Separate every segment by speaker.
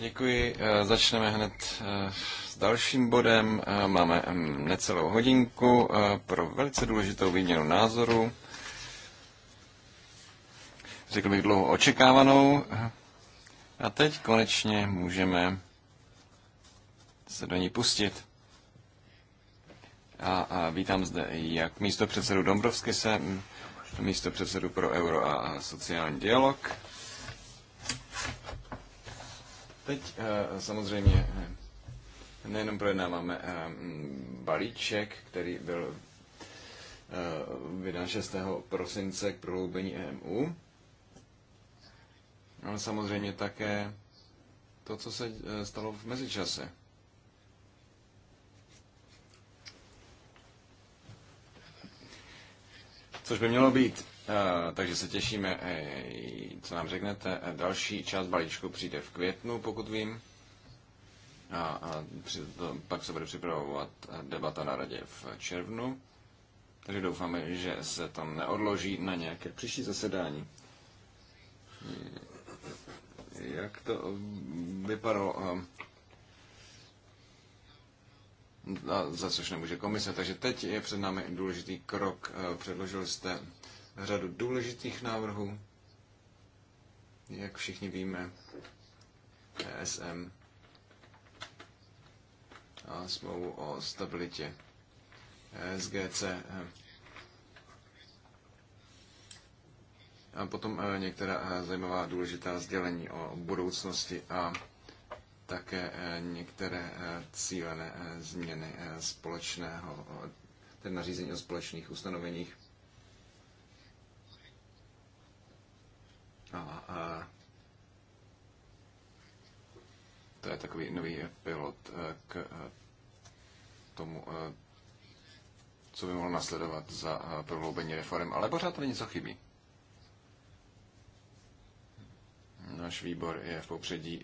Speaker 1: Děkuji, začneme hned eh, s dalším bodem. Eh, máme necelou hodinku eh, pro velice důležitou výměnu názoru. Řekl bych dlouho očekávanou. A teď konečně můžeme se do ní pustit. A, a vítám zde jak místo předsedu Dombrovsky se, místo předsedu pro euro a sociální dialog. Teď eh, samozřejmě nejenom projednáváme eh, balíček, který byl eh, vydán 6. prosince k prohloubení EMU, ale samozřejmě také to, co se stalo v mezičase. což by mělo být. Eh, takže se těšíme, eh, co nám řeknete. Eh, další část balíčku přijde v květnu, pokud vím. A, a při, to, pak se bude připravovat debata na radě v červnu. Takže doufáme, že se tam neodloží na nějaké příští zasedání. Jak to vypadalo? za což nemůže komise. Takže teď je před námi důležitý krok. Eh, předložili jste řadu důležitých návrhů, jak všichni víme, ESM a smlouvu o stabilitě e SGC. Eh, a potom eh, některá zajímavá důležitá sdělení o budoucnosti a také eh, některé eh, cílené eh, změny společného, ten nařízení o společných ustanoveních. A, a to je takový nový pilot k tomu, co by mohlo nasledovat za prohloubení reform, ale pořád tady něco chybí. Náš výbor je v popředí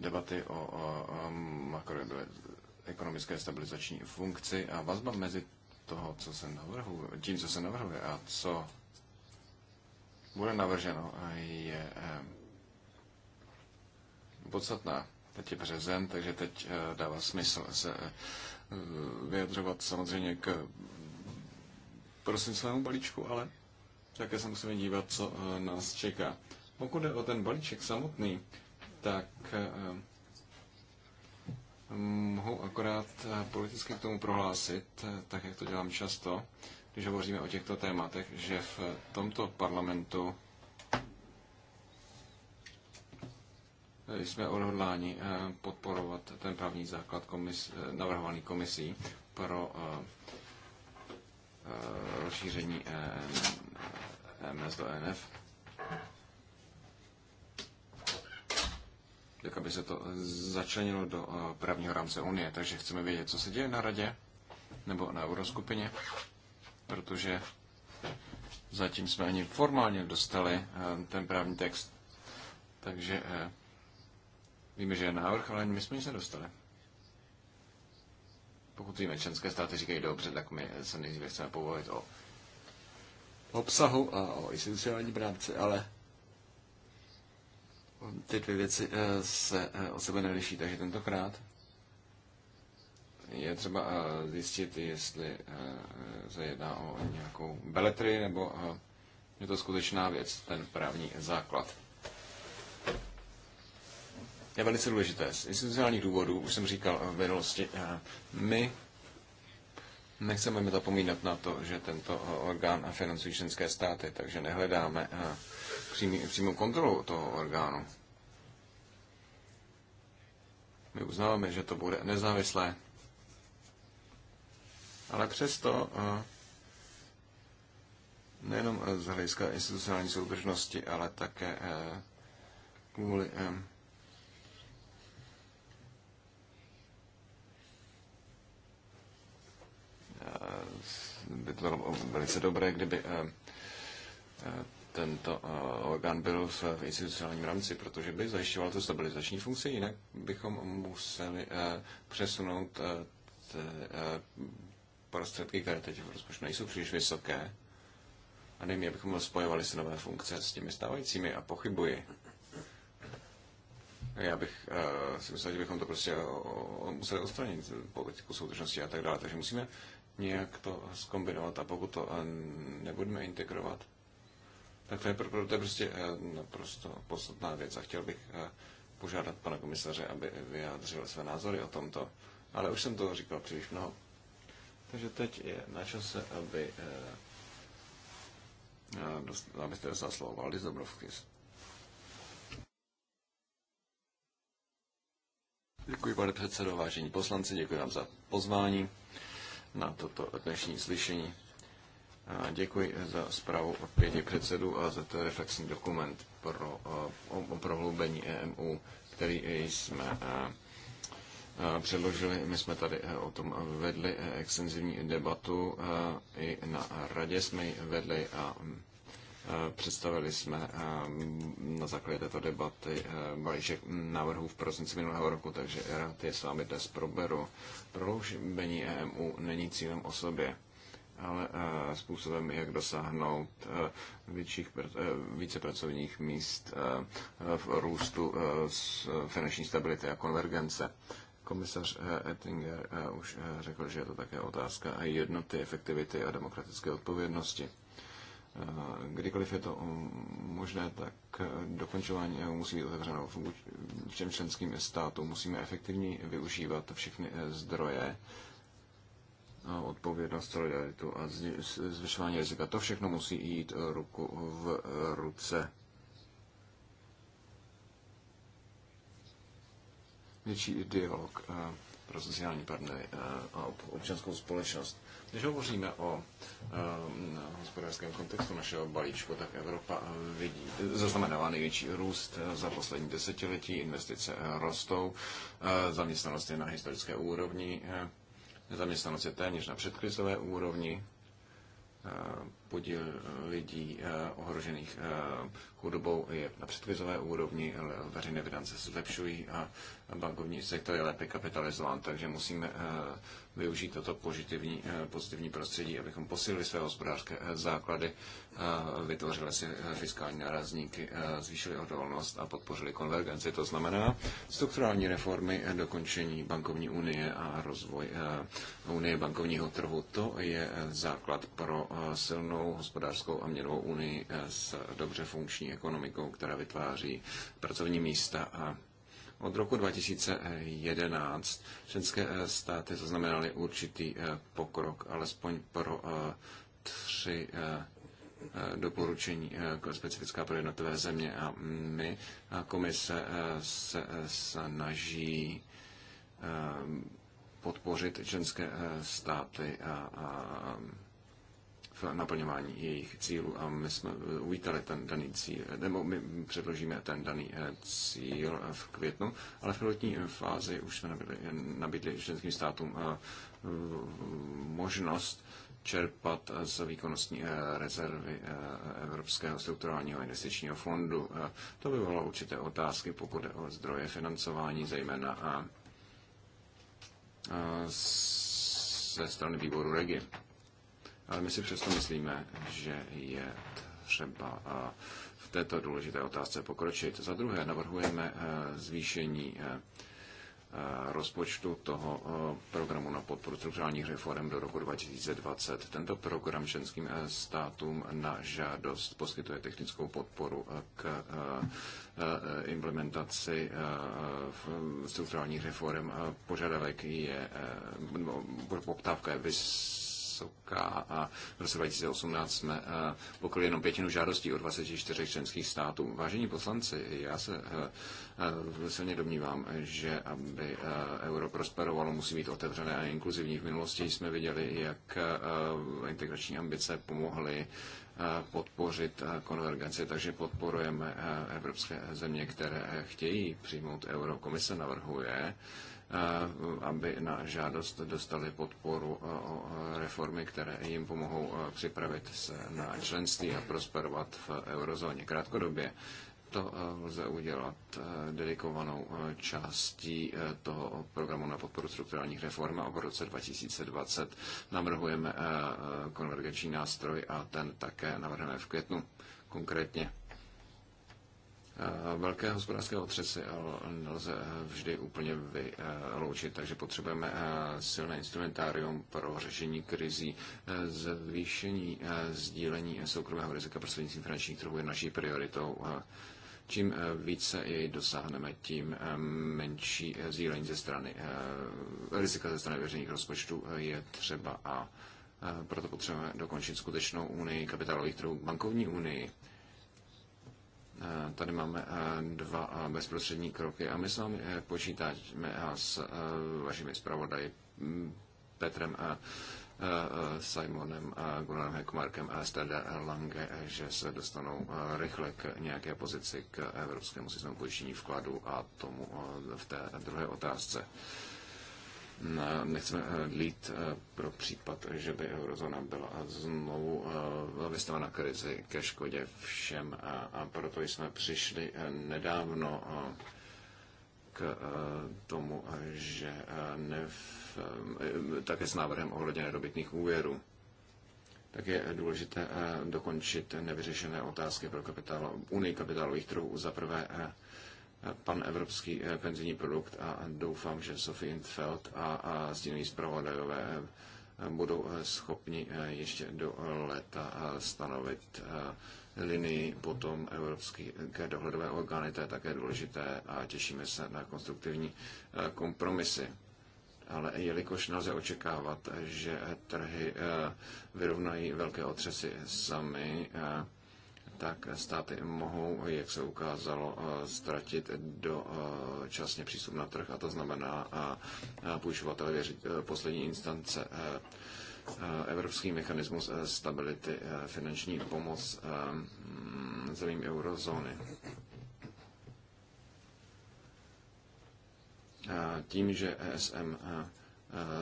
Speaker 1: debaty o, o makroekonomické stabilizační funkci a vazba mezi toho, co se navrhuje, tím, co se navrhuje a co bude navrženo, je eh, podstatná. Teď je březen, takže teď eh, dává smysl se eh, vyjadřovat samozřejmě k prosincovému balíčku, ale také se musíme dívat, co nás čeká. Pokud je o ten balíček samotný, tak eh, mohu akorát eh, politicky k tomu prohlásit, eh, tak jak to dělám často, když hovoříme o těchto tématech, že v tomto parlamentu jsme odhodláni podporovat ten právní základ komis, navrhovaný komisí pro rozšíření MS do NF. tak aby se to začlenilo do eh, právního rámce Unie. Takže chceme vědět, co se děje na radě nebo na euroskupině, protože zatím jsme ani formálně dostali eh, ten právní text. Takže eh, víme, že je návrh, ale my jsme nic nedostali. Pokud víme, členské státy říkají dobře, tak my se nejdříve chceme povolit o obsahu a o institucionální práci, ale ty dvě věci eh, se eh, od sebe neliší, takže tentokrát je třeba eh, zjistit, jestli se jedná o nějakou beletry, nebo je to skutečná věc, ten právní základ. Je velice důležité. Z institucionálních důvodů, už jsem říkal v minulosti, my nechceme mi zapomínat na to, že tento orgán financují členské státy, takže nehledáme přímou kontrolu toho orgánu. My uznáváme, že to bude nezávislé, ale přesto eh, nejenom z hlediska institucionální soudržnosti, ale také eh, kvůli eh, by to bylo velice dobré, kdyby tento eh, orgán byl v institucionálním rámci, protože by zajišťoval tu stabilizační funkci, jinak bychom museli eh, přesunout eh, prostředky, které teď v rozpočtu nejsou příliš vysoké, a nevím, abychom spojovali se nové funkce s těmi stávajícími a pochybuji. Já bych uh, si myslel, že bychom to prostě uh, museli odstranit, politiku soudržnosti a tak dále. Takže musíme nějak to skombinovat a pokud to uh, nebudeme integrovat, tak to je, to je prostě eh, naprosto podstatná věc a chtěl bych eh, požádat pana komisaře, aby vyjádřil své názory o tomto. Ale už jsem to říkal příliš mnoho. Takže teď je na čase, aby, eh, abyste dostal slovo Valdis Dobrovkis. Děkuji, pane předsedo, vážení poslanci, děkuji vám za pozvání na toto dnešní slyšení děkuji za zprávu od pěti předsedů a za to reflexní dokument pro o, prohloubení EMU, který jsme předložili. My jsme tady o tom vedli e, extenzivní debatu, i na radě jsme ji vedli a Představili jsme na základě této debaty balíček návrhů v prosinci minulého roku, takže rád je s vámi dnes proberu. Prohloubení EMU není cílem o sobě ale eh, způsobem, jak dosáhnout eh, větších, eh, více pracovních míst v růstu finanční stability a konvergence. Komisař Ettinger už řekl, že je to také otázka a jednoty, efektivity a demokratické odpovědnosti. Kdykoliv je to mm, možné, tak dokončování musí být otevřeno všem členským státům. Musíme efektivně využívat všechny zdroje odpovědnost, solidaritu a zvyšování rizika. To všechno musí jít ruku v ruce. Větší dialog eh, pro sociální partnery eh, a občanskou společnost. Když hovoříme o eh, hospodářském kontextu našeho balíčku, tak Evropa vidí, zaznamenává největší růst za poslední desetiletí, investice rostou, zaměstnanost je na historické úrovni, Nezaměstnanost je téměř na předkrizové úrovni podíl eh, lidí eh, ohrožených eh, chudobou je na předkrizové úrovni, veřejné finance se zlepšují a bankovní sektor je lépe kapitalizován, takže musíme využít toto pozitivní, pozitivní prostředí, abychom posílili své hospodářské základy, vytvořili si fiskální narazníky, zvýšili odolnost a podpořili konvergenci. To znamená strukturální reformy, dokončení bankovní unie a rozvoj unie bankovního trhu. To je základ pro silnou silnou hospodářskou a měnovou unii eh, s dobře funkční ekonomikou, která vytváří pracovní místa a od roku 2011 členské eh, státy zaznamenaly určitý eh, pokrok, alespoň pro tři doporučení jako specifická pro jednotlivé země a my a komise se snaží podpořit členské státy a, a v naplňování jejich cílu a my jsme eh, uvítali ten daný cíl, eh, nebo my předložíme ten daný eh, cíl v květnu, ale v pilotní fázi už jsme nabídli, nabídli členským státům možnost čerpat z výkonnostní rezervy Evropského strukturálního investičního fondu. To by bylo určité otázky, pokud je o zdroje financování, zejména a ze strany výboru REGI. Ale my si přesto myslíme, že je třeba v této důležité otázce pokročit. Za druhé navrhujeme zvýšení rozpočtu toho programu na podporu strukturálních reform do roku 2020. Tento program členským státům na žádost poskytuje technickou podporu k implementaci strukturálních reform. Požadavek je, poptávka je vys vysoká a v roce 2018 jsme eh, pokryli jenom pětinu žádostí od 24 členských států. Vážení poslanci, já se eh, eh, silně domnívám, že aby euro prosperovalo, musí být otevřené a inkluzivní. V minulosti jsme viděli, jak integrační ambice pomohly podpořit konvergenci, takže podporujeme evropské země, které chtějí přijmout euro. Komise navrhuje, Eh, aby na žádost dostali podporu eh, o eh, reformy, které jim pomohou připravit se na členství a prosperovat v eurozóně krátkodobě. To lze udělat dedikovanou částí toho programu na podporu strukturálních reform a v roce 2020 navrhujeme konvergenční nástroj a ten také navrhneme v květnu konkrétně Eh, velké hospodářské otřesy eh, nelze eh, vždy úplně vyloučit, takže potřebujeme silné instrumentárium pro řešení krizí. Zvýšení sdílení soukromého rizika prostřednictvím finančních trhů je naší prioritou. Čím více jej dosáhneme, tím menší sdílení ze strany rizika ze strany veřejných rozpočtů je třeba a proto potřebujeme dokončit skutečnou unii kapitálových trhů, bankovní unii Eh, tady máme eh, dva eh, bezprostřední kroky a my s vámi počítáme a s vašimi zpravodaji hm, Petrem a Simonem a Gunnarem Hekmarkem a Stade Lange, že se dostanou rychle k nějaké pozici k evropskému systému pojištění vkladu a tomu v té druhé otázce nechceme eh, lít eh, pro případ, že by eurozona byla eh, znovu vystavena krizi ke škodě všem a proto jsme přišli nedávno k tomu, že nev, také s návrhem ohledně nedobytných úvěrů tak je důležité dokončit nevyřešené otázky pro kapitál, unii kapitálových trhů. Za prvé pan evropský eh, penzijní produkt a doufám, že Sophie Intfeld a, a sdílení zpravodajové eh, budou eh, schopni ještě do léta stanovit linii, potom evropské dohledové orgány, to je také důležité a těšíme se na konstruktivní kompromisy. Ale jelikož nelze očekávat, že trhy vyrovnají velké otřesy sami, tak státy mohou, jak se ukázalo, eh, ztratit do eh, časně přístup na trh a to znamená eh, půjčovatel věřit poslední instance Evropský mechanismus stability finanční pomoc mm, zemím eurozóny. Tím, že ESM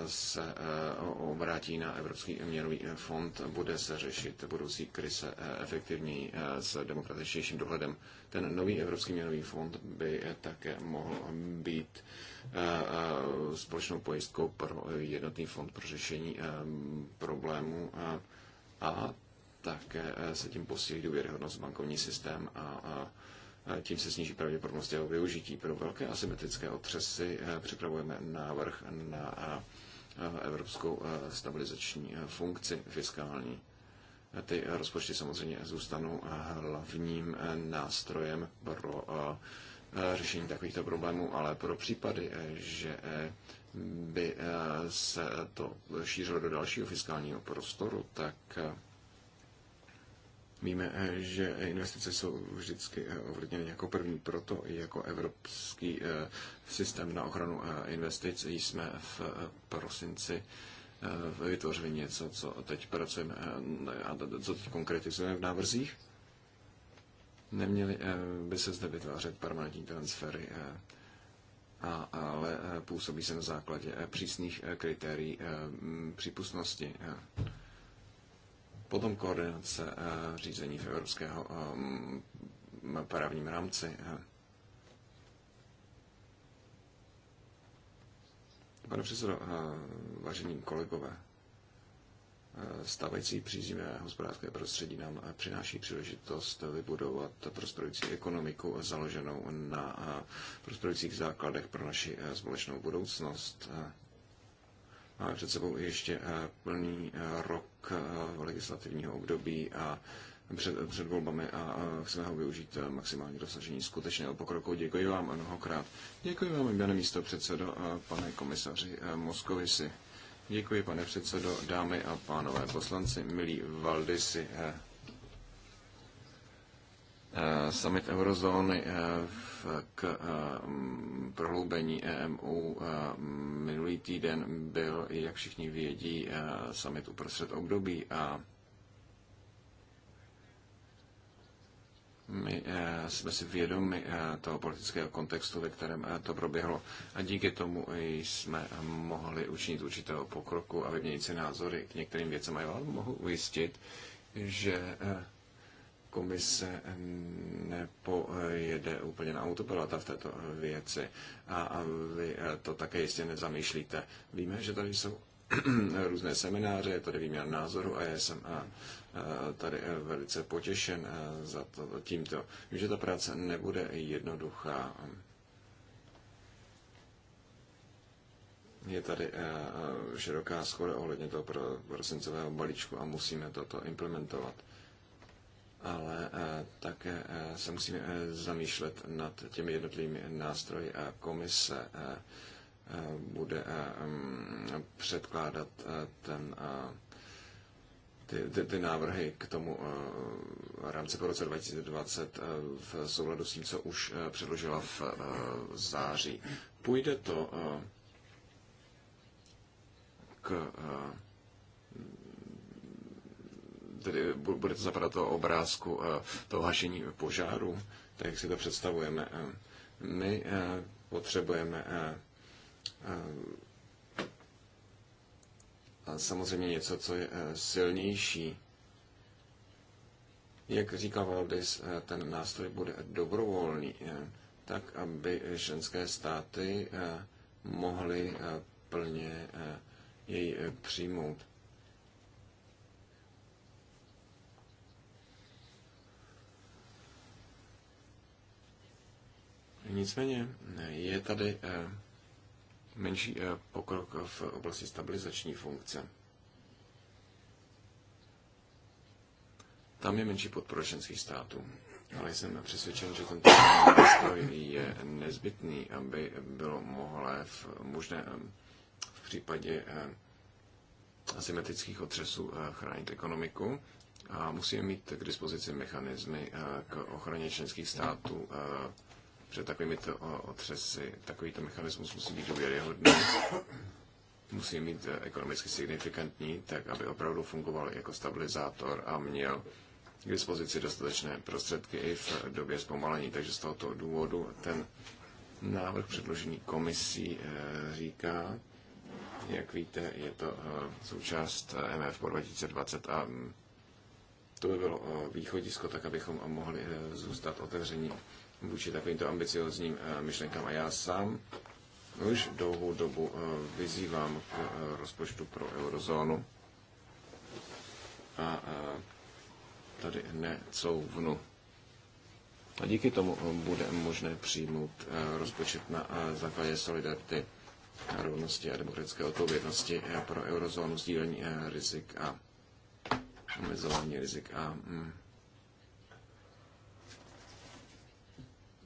Speaker 1: se eh, obrátí na Evropský měnový eh, fond, bude se řešit budoucí krize eh, efektivněji s demokratičtějším dohledem. Ten nový Evropský měnový fond by také mohl být společnou pojistkou pro jednotný fond pro řešení problémů a také se tím posílí důvěryhodnost bankovní systém a, a tím se sníží pravděpodobnost jeho využití. Pro velké asymetrické otřesy eh, připravujeme návrh na eh, evropskou eh, stabilizační funkci fiskální. Ty rozpočty samozřejmě zůstanou hlavním nástrojem pro řešení takovýchto problémů, ale pro případy, že by se to šířilo do dalšího fiskálního prostoru, tak Víme, eh, že investice jsou vždycky eh, ovlivněny jako první, proto i jako evropský eh, systém na ochranu investic jsme v prosinci vytvořili něco, co teď pracujeme a co teď konkretizujeme v návrzích. Neměli by se zde vytvářet permanentní transfery, ale působí se na základě přísných kritérií přípustnosti. Potom koordinace eh, řízení v evropského eh, právním rámci. Eh. Pane předsedo, vážení kolegové, stávající příznivé hospodářské prostředí nám přináší příležitost vybudovat prosperující ekonomiku založenou na prosperujících základech pro naši společnou budoucnost. Máme před sebou ještě plný rok Eh, legislativního období a před, před volbami a chceme ho využít eh, maximálně dosažení skutečného pokroku. Děkuji vám mnohokrát. Děkuji vám, pane místo předsedo, pane komisaři eh, Moskovisi. Děkuji, pane předsedo, dámy a pánové poslanci, milí Valdisi. Eh, summit eurozóny eh, k eh, prohloubení EMU minulý týden byl, jak všichni vědí, summit uprostřed období a My jsme si vědomi toho politického kontextu, ve kterém to proběhlo a díky tomu jsme mohli učinit určitého pokroku a vyměnit si názory k některým věcem. A já vám mohu ujistit, že komise nepojede úplně na autopilota v této věci a vy eh, to také jistě nezamýšlíte. Víme, že tady jsou různé semináře, je tady výměna názoru a já jsem a, eh, eh, tady velice potěšen za to, tímto. Vím, že ta práce nebude jednoduchá. Je tady široká schoda ohledně toho prosincového balíčku a musíme toto implementovat ale eh, také eh, se musíme eh, zamýšlet nad těmi jednotlivými nástroji a komise bude mm, předkládat ten, ty, ty, ty návrhy k tomu rámci po roce 2020 v souladu s tím, co už předložila v září. Půjde to k tedy bude to zapadat toho obrázku eh, toho hašení požáru, tak jak si to představujeme. Eh, my eh, potřebujeme samozřejmě něco, co je silnější. Jak říká Valdis, ten nástroj bude dobrovolný, tak aby ženské státy mohly plně jej přijmout. Nicméně je tady eh, menší eh, pokrok v oblasti stabilizační funkce. Tam je menší podpora ženských států. Ale jsem přesvědčen, že tento nástroj je nezbytný, aby bylo mohlé v možné eh, v případě asymetrických otřesů chránit ekonomiku a musíme mít k dispozici mechanismy k ochraně členských států že takovými to otřesy. Takovýto mechanismus musí být důvěryhodný, musí mít eh, ekonomicky signifikantní, tak aby opravdu fungoval jako stabilizátor a měl k dispozici dostatečné prostředky i v době zpomalení. Takže z tohoto důvodu ten návrh předložený komisí eh, říká, jak víte, je to eh, součást MF po 2020 a mm, to by bylo východisko, tak abychom mohli zůstat otevření vůči takovýmto ambiciozním eh, myšlenkám. A já sám už dlouhou dobu eh, vyzývám k eh, rozpočtu pro eurozónu a tady necouvnu. A díky tomu bude možné přijmout rozpočet na základě solidarity, rovnosti a demokratické odpovědnosti pro eurozónu, sdílení rizik a omezování rizik a mm,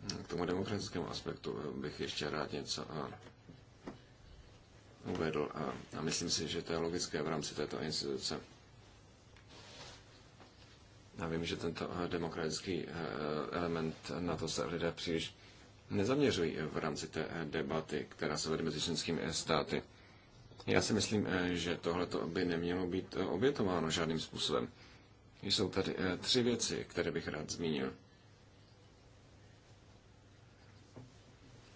Speaker 1: K tomu demokratickému aspektu eh, bych ještě rád něco eh, uvedl a myslím si, že to je logické v rámci této instituce. Já vím, že tento eh, demokratický element na to se lidé příliš nezaměřují v rámci té debaty, která se vede mezi členskými státy. Já si myslím, že tohle by nemělo být obětováno žádným způsobem. Jsou tady tři věci, které bych rád zmínil.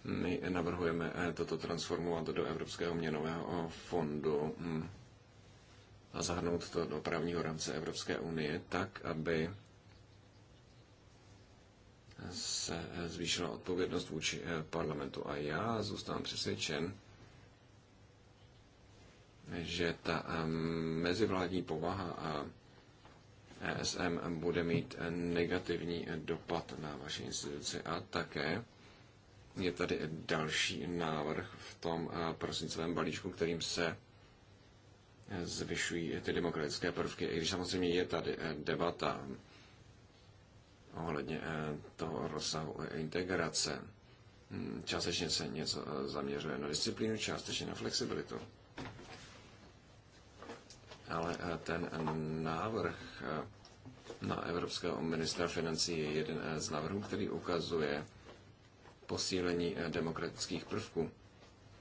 Speaker 1: My navrhujeme eh, toto transformovat do Evropského měnového eh, fondu hm, a zahrnout to do právního rámce Evropské unie tak, aby se eh, zvýšila odpovědnost vůči parlamentu. A já zůstávám přesvědčen, že ta mezivládní povaha a ESM bude mít negativní dopad na vaši instituci a také je tady další návrh v tom eh, prosincovém balíčku, kterým se eh, zvyšují ty demokratické prvky, i když samozřejmě je tady eh, debata ohledně toho rozsahu integrace. Hmm, částečně se něco zaměřuje na disciplínu, částečně na flexibilitu. Ale ten návrh na Evropského ministra financí je jeden z návrhů, který ukazuje, posílení eh, demokratických prvků.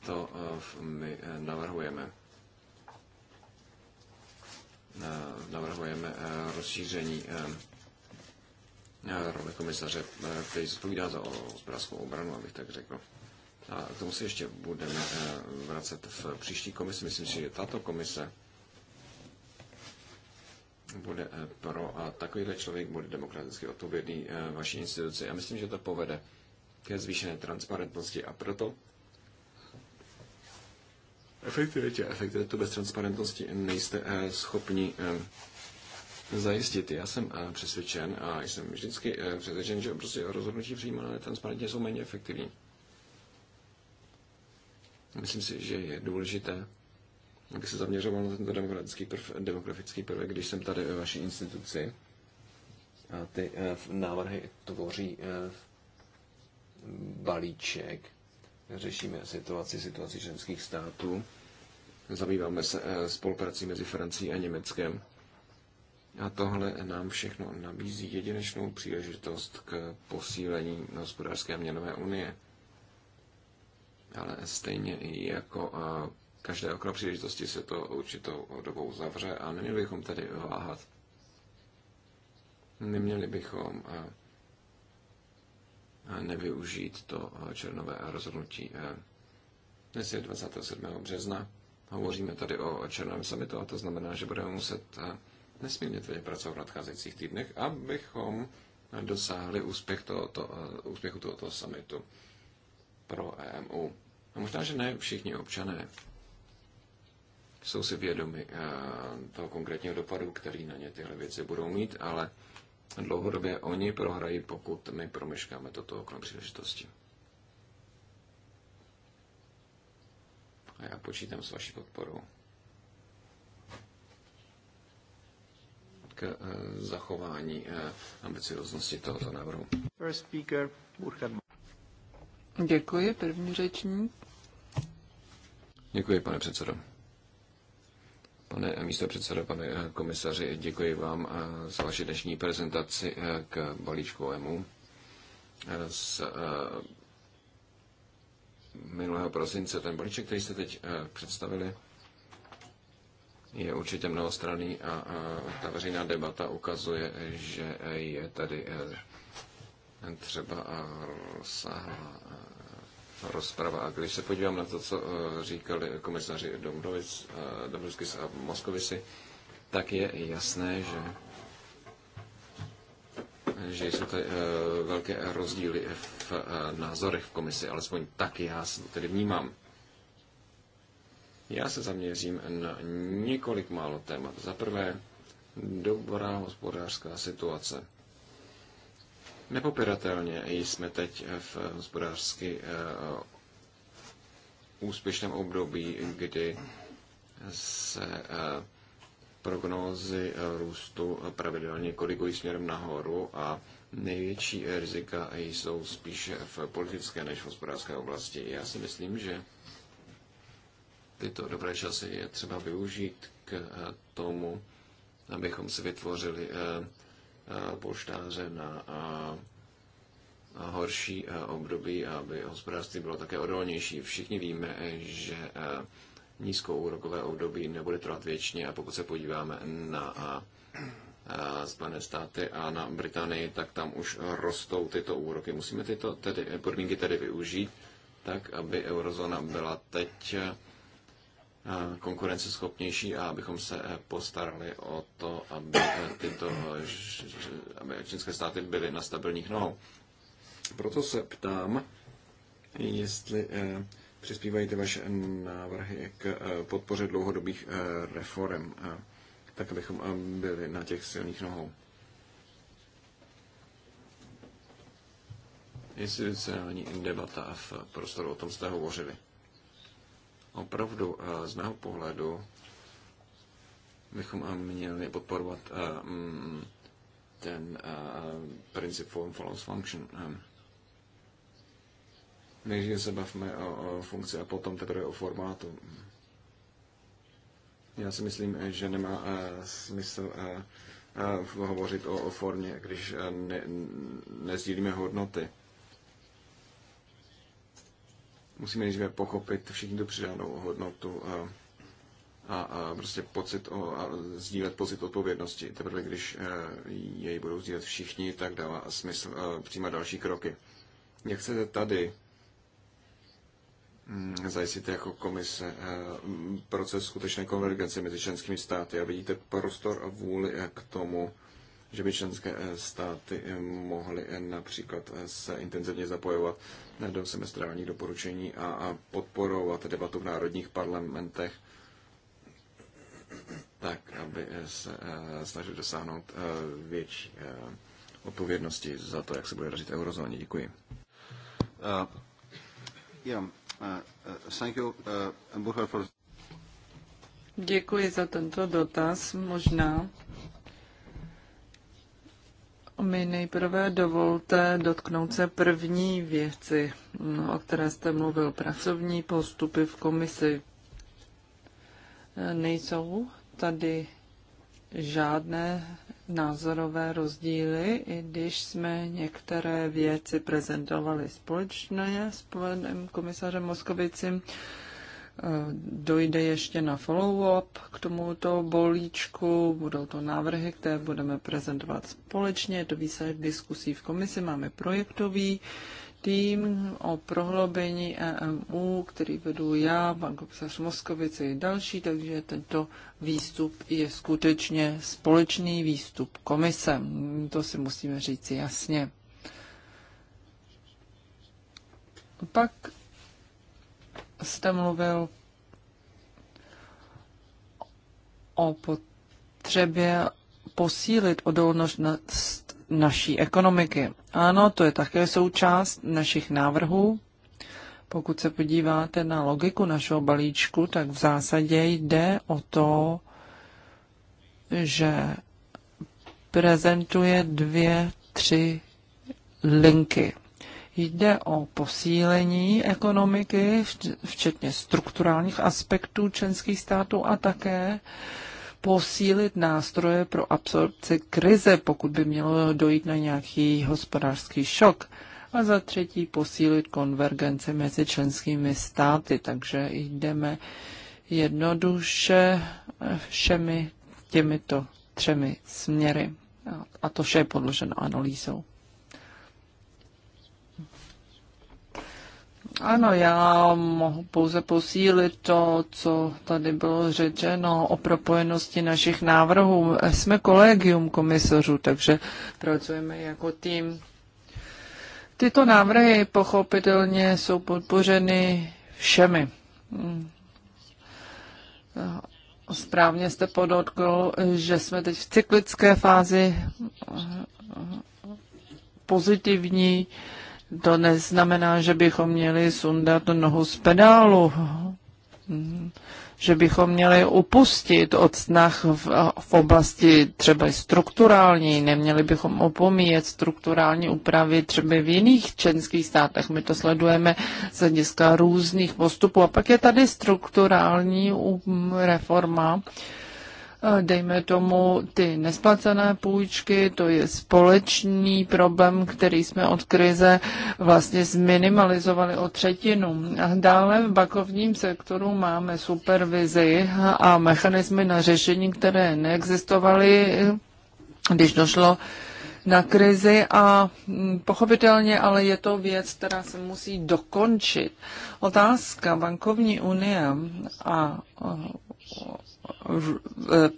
Speaker 1: To eh, my eh, navrhujeme. Navrhujeme rozšíření role komisaře, který zodpovídá za hospodářskou obranu, abych tak řekl. A k tomu se ještě budeme vracet v příští komisi. Myslím si, že tato komise bude pro a takovýhle člověk bude demokraticky odpovědný vaší instituci. Já myslím, že to povede ke zvýšené transparentnosti a proto efektivitě, efektivitu bez transparentnosti nejste eh, schopni eh, zajistit. Já jsem eh, přesvědčen a jsem vždycky přesvědčen, že prostě rozhodnutí přijímané transparentně jsou méně efektivní. Myslím si, že je důležité, aby se zaměřoval na tento demokratický prv, demografický prvek, když jsem tady ve vaší instituci. A ty návrhy tvoří balíček. Řešíme situaci, situaci ženských států. Zabýváme se eh, spoluprací mezi Francií a Německem. A tohle nám všechno nabízí jedinečnou příležitost k posílení hospodářské měnové unie. Ale stejně i jako každé okno příležitosti se to určitou dobou zavře a neměli bychom tady váhat. Neměli bychom eh, nevyužít to eh, černové rozhodnutí. Eh, dnes je 27. března, hovoříme tady o černém samitu a to znamená, že budeme muset eh, nesmírně tvrdě pracovat v nadcházejících týdnech, abychom dosáhli úspěch tohoto, úspěchu tohoto samitu pro EMU. A možná, že ne všichni občané jsou si vědomi toho konkrétního dopadu, který na ně tyhle věci budou mít, ale dlouhodobě oni prohrají, pokud my promeškáme toto okno příležitosti. A já počítám s vaší podporou k eh, zachování eh, ambicioznosti tohoto návrhu. First speaker,
Speaker 2: Děkuji, první řečník.
Speaker 1: Děkuji, pane předsedo. Pane místo předsedo, pane eh, komisaři, děkuji vám eh, za vaši dnešní prezentaci eh, k balíčku EMU z minulého prosince. Ten balíček, který jste teď představili, je určitě mnohostranný a ta veřejná debata ukazuje, že je tady třeba rozsáhlá rozprava. A když se podívám na to, co eh, říkali komisaři Dombrovskis eh, a Moskovici, tak je jasné, že že jsou tady eh, velké rozdíly v názorech v komisi, alespoň tak já tedy vnímám. Já se zaměřím na několik málo témat. Za prvé, dobrá hospodářská situace Nepopiratelně jsme teď v hospodářsky eh, úspěšném období, kdy se eh, prognózy eh, růstu pravidelně korigují směrem nahoru a největší rizika jsou spíše v politické než v hospodářské oblasti. Já si myslím, že tyto dobré časy je třeba využít k tomu, abychom si vytvořili polštáře na horší období, aby hospodářství bylo také odolnější. Všichni víme, že nízkoúrokové období nebude trvat věčně a pokud se podíváme na Spojené státy a na Británii, tak tam už rostou tyto úroky. Musíme tyto tedy, podmínky tedy využít tak, aby eurozóna byla teď konkurenceschopnější a abychom se eh, postarali o to, aby eh, tyto aby čínské státy byly na stabilních nohou. Proto se ptám, jestli eh, přispívají ty vaše návrhy k podpoře dlouhodobých reform, tak abychom byli na těch silných nohou. Institucionální debata v prostoru, o tom jste hovořili. Opravdu eh, z mého pohledu bychom eh, měli podporovat eh, mm, ten princip form follows function. než se bavme o funkci a potom teprve o formátu. Já si myslím, že nemá smysl hovořit o formě, když ne, nezdílíme hodnoty. Musíme nejdříve pochopit všichni tu přidanou hodnotu eh, a, a prostě pocit o, a sdílet pocit odpovědnosti. Teprve když eh, jej budou sdílet všichni, tak dává smysl eh, přijímat další kroky. Jak chcete tady hm, zajistit jako komise proces skutečné konvergence mezi členskými státy a vidíte prostor a vůli k tomu že by členské eh, státy eh, mohly eh, například se intenzivně zapojovat do semestrálních doporučení a podporovat debatu v národních parlamentech tak, aby se snažili dosáhnout větší odpovědnosti za to, jak se bude dařit eurozóně. Děkuji. Uh, yeah, uh, uh thank you, uh, for...
Speaker 2: Děkuji za tento dotaz. Možná mi nejprve dovolte dotknout se první věci, no, o které jste mluvil. Pracovní postupy v komisi nejsou tady žádné názorové rozdíly, i když jsme některé věci prezentovali společně s panem komisařem Moskovicím. Eh, dojde ještě na follow-up k tomuto bolíčku, budou to návrhy, které budeme prezentovat společně, to to v diskusí v komisi, máme projektový tým o prohloubení EMU, který vedu já, pan komisař Moskovice i další, takže tento výstup je skutečně společný výstup komise. To si musíme říct jasně. Pak jste mluvil o potřebě posílit odolnost naší ekonomiky. Ano, to je také součást našich návrhů. Pokud se podíváte na logiku našeho balíčku, tak v zásadě jde o to, že prezentuje dvě, tři linky. Jde o posílení ekonomiky, včetně strukturálních aspektů členských států a také posílit nástroje pro absorpci krize, pokud by mělo dojít na nějaký hospodářský šok. A za třetí posílit konvergenci mezi členskými státy. Takže jdeme jednoduše všemi těmito třemi směry. A to vše je podloženo analýzou. Ano, já mohu pouze posílit to, co tady bylo řečeno o propojenosti našich návrhů. Jsme kolegium komisařů, takže pracujeme jako tým. Tyto návrhy pochopitelně jsou podpořeny všemi. Správně jste podotkl, že jsme teď v cyklické fázi pozitivní to neznamená, že bychom měli sundat nohu z pedálu, že bychom měli upustit od snah v, v oblasti třeba strukturální, neměli bychom opomíjet strukturální úpravy třeba v jiných členských státech. My to sledujeme z hlediska různých postupů. A pak je tady strukturální reforma, dejme tomu ty nesplacené půjčky, to je společný problém, který jsme od krize vlastně zminimalizovali o třetinu. dále v bankovním sektoru máme supervizi a mechanismy na řešení, které neexistovaly, když došlo na krizi a mm, pochopitelně, ale je to věc, která se musí dokončit. Otázka bankovní unie a eh, eh,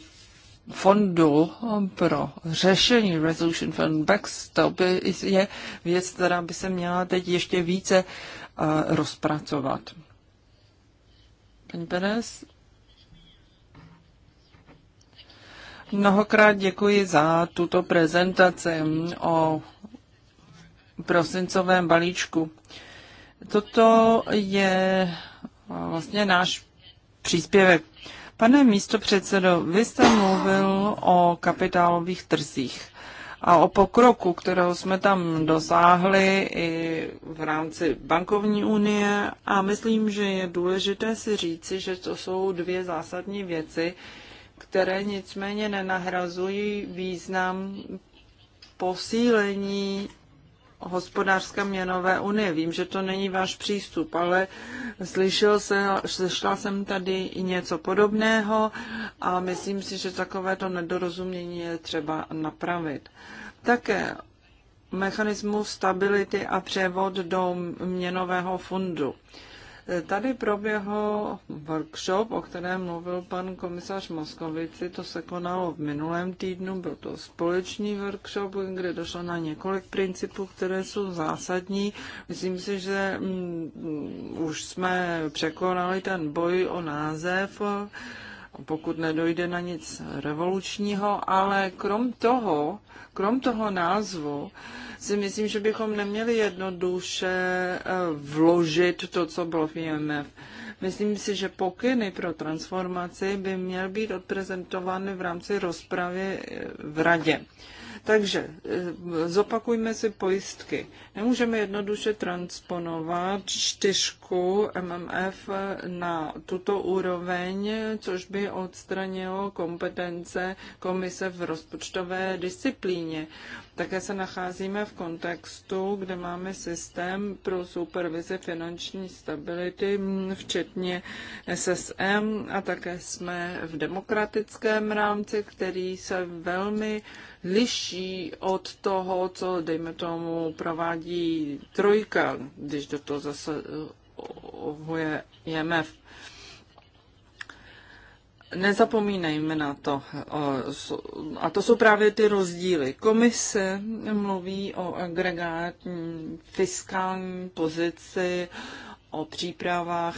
Speaker 2: fondu pro řešení Resolution Fund Backstop je věc, která by se měla teď ještě více eh, rozpracovat. Paní Perez, Mnohokrát děkuji za tuto prezentaci o prosincovém balíčku. Toto je eh, vlastně náš příspěvek. Pane předsedo, vy jste mluvil o kapitálových trzích a o pokroku, kterého jsme tam dosáhli i v rámci bankovní unie a myslím, že je důležité si říci, že to jsou dvě zásadní věci, které nicméně nenahrazují význam posílení hospodářské měnové unie. Vím, že to není váš přístup, ale slyšel se, slyšela jsem tady i něco podobného a myslím si, že takovéto nedorozumění je třeba napravit. Také mechanismus stability a převod do měnového fondu. Tady proběhl workshop, o kterém mluvil pan komisař Moskovici, to se konalo v minulém týdnu, byl to společný workshop, kde došlo na několik principů, které jsou zásadní. Myslím si, že mm, už jsme překonali ten boj o název, pokud nedojde na nic revolučního, ale krom toho, krom toho názvu, si myslím, že bychom neměli jednoduše eh, vložit to, co bylo v IMF. Myslím si, že pokyny pro transformaci by měly být odprezentovány v rámci rozpravy eh, v radě. Takže eh, zopakujme si pojistky. Nemůžeme jednoduše transponovat čtyřku MMF na tuto úroveň, což by odstranilo kompetence komise v rozpočtové disciplíně. Také se nacházíme v kontextu, kde máme systém pro supervizi finanční stability, mm, včetně SSM a také jsme v demokratickém rámci, který se velmi liší od toho, co, dejme tomu, provádí trojka, když do toho zase eh, ohuje IMF. Nezapomínejme na to. Eh, a to jsou právě ty rozdíly. Komise mluví o agregátní fiskální pozici, o přípravách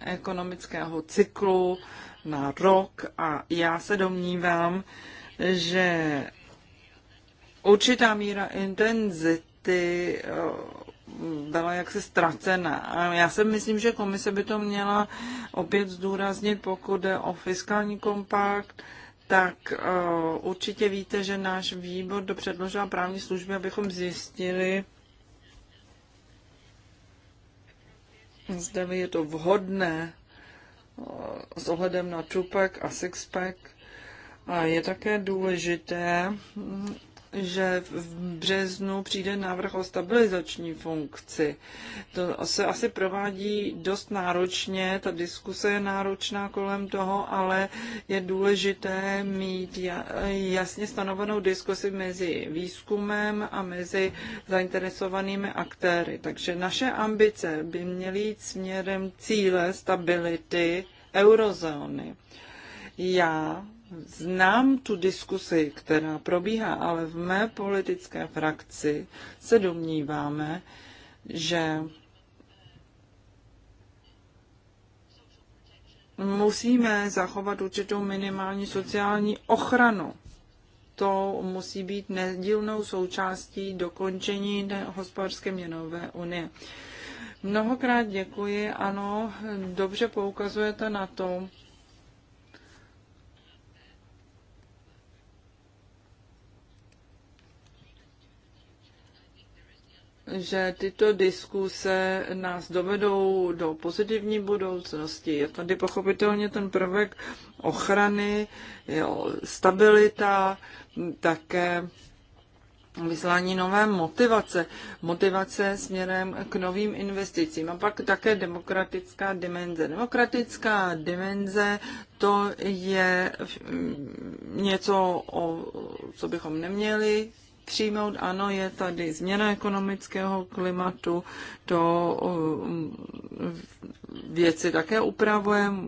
Speaker 2: ekonomického cyklu na rok a já se domnívám, že určitá míra intenzity eh, byla jaksi ztracena. já si myslím, že komise by to měla opět zdůraznit, pokud jde o fiskální kompakt, tak eh, určitě víte, že náš výbor předložila právní služby, abychom zjistili, zda je to vhodné eh, s ohledem na čupek a Sixpack je také důležité, že v březnu přijde návrh o stabilizační funkci. To se asi provádí dost náročně, ta diskuse je náročná kolem toho, ale je důležité mít jasně stanovenou diskusi mezi výzkumem a mezi zainteresovanými aktéry. Takže naše ambice by měly jít směrem cíle stability eurozóny. Já Znám tu diskusi, která probíhá, ale v mé politické frakci se domníváme, že musíme zachovat určitou minimální sociální ochranu. To musí být nedílnou součástí dokončení hospodářské měnové unie. Mnohokrát děkuji, ano, dobře poukazujete na to, že tyto diskuse nás dovedou do pozitivní budoucnosti. Je tady pochopitelně ten prvek ochrany, jo, stabilita, také vyslání nové motivace, motivace směrem k novým investicím a pak také demokratická dimenze. Demokratická dimenze to je něco, o, co bychom neměli přijmout. Ano, je tady změna ekonomického klimatu, to eh, věci také upravujeme,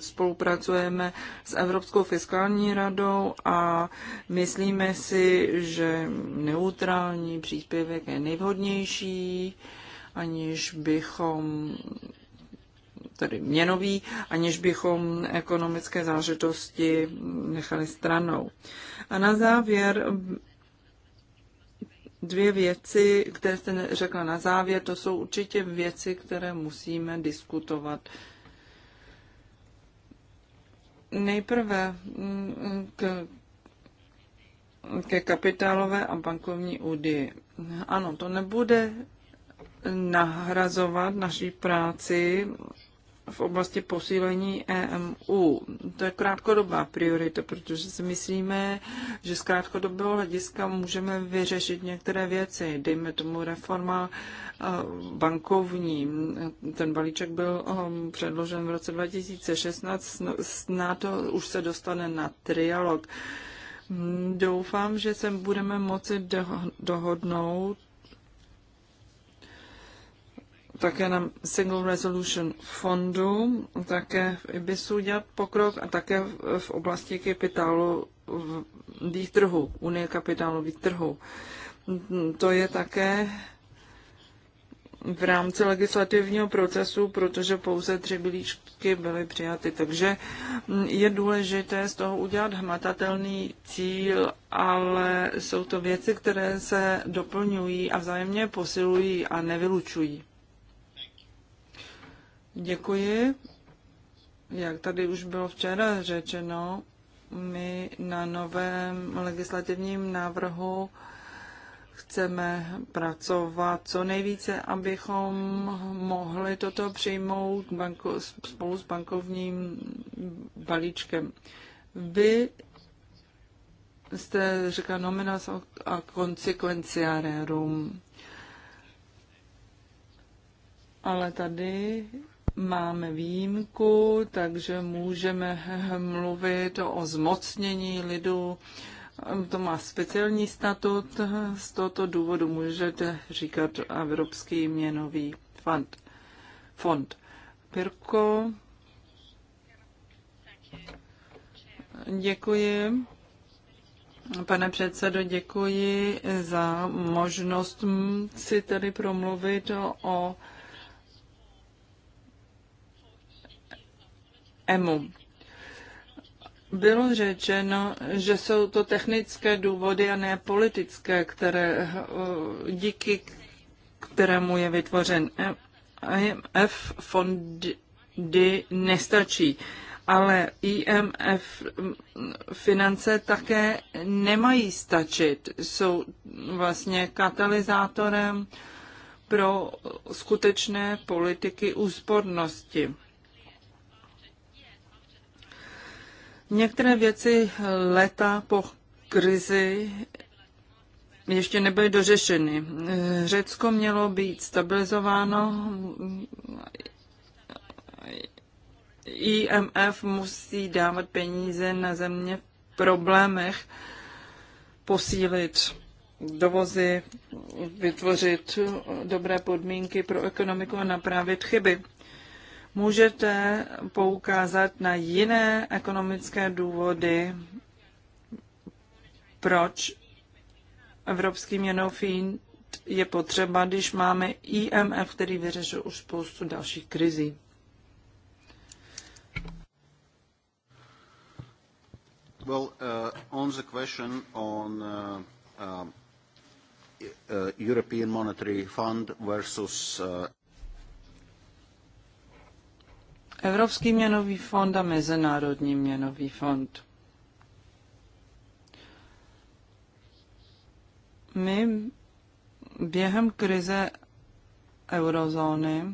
Speaker 2: spolupracujeme s Evropskou fiskální radou a myslíme si, že neutrální příspěvek je nejvhodnější, aniž bychom tedy měnový, aniž bychom ekonomické zážitosti nechali stranou. A na závěr dvě věci, které jste řekla na závěr, to jsou určitě věci, které musíme diskutovat. Nejprve mm, k, ke kapitálové a bankovní údy. Ano, to nebude nahrazovat naší práci v oblasti posílení EMU. To je krátkodobá priorita, protože si myslíme, že z krátkodobého hlediska můžeme vyřešit některé věci. Dejme tomu reforma eh, bankovní. Ten balíček byl eh, předložen v roce 2016. to už se dostane na trialog. Hm, doufám, že se budeme moci dohodnout také na Single Resolution Fondu, také v IBISu dělat pokrok a také v oblasti kapitálu výtrhu, Unie kapitálu výtrhu. To je také v rámci legislativního procesu, protože pouze tři bylíčky byly přijaty. Takže je důležité z toho udělat hmatatelný cíl, ale jsou to věci, které se doplňují a vzájemně posilují a nevylučují. Děkuji. Jak tady už bylo včera řečeno, my na novém legislativním návrhu chceme pracovat co nejvíce, abychom mohli toto přijmout banko, spolu s bankovním balíčkem. Vy jste říkal nominas a consequentiarum. Ale tady Máme výjimku, takže můžeme mluvit o zmocnění lidu. To má speciální statut. Z tohoto důvodu můžete říkat Evropský měnový fond. fond. Pirko. Děkuji. Pane předsedo, děkuji za možnost si tady promluvit o EMU. Bylo řečeno, že jsou to technické důvody a ne politické, které, díky kterému je vytvořen IMF e fondy nestačí. Ale IMF finance také nemají stačit. Jsou vlastně katalyzátorem pro skutečné politiky úspornosti. Některé věci léta po krizi ještě nebyly dořešeny. Řecko mělo být stabilizováno. IMF musí dávat peníze na země v problémech, posílit dovozy, vytvořit dobré podmínky pro ekonomiku a napravit chyby. Můžete poukázat na jiné ekonomické důvody, proč Evropský měnou fín je potřeba, když máme IMF, který vyřešil už spoustu dalších krizí.
Speaker 3: Well, uh, on the question on uh, uh, uh European Monetary Fund versus uh
Speaker 2: Evropský měnový fond a Mezinárodní měnový fond. My během krize eurozóny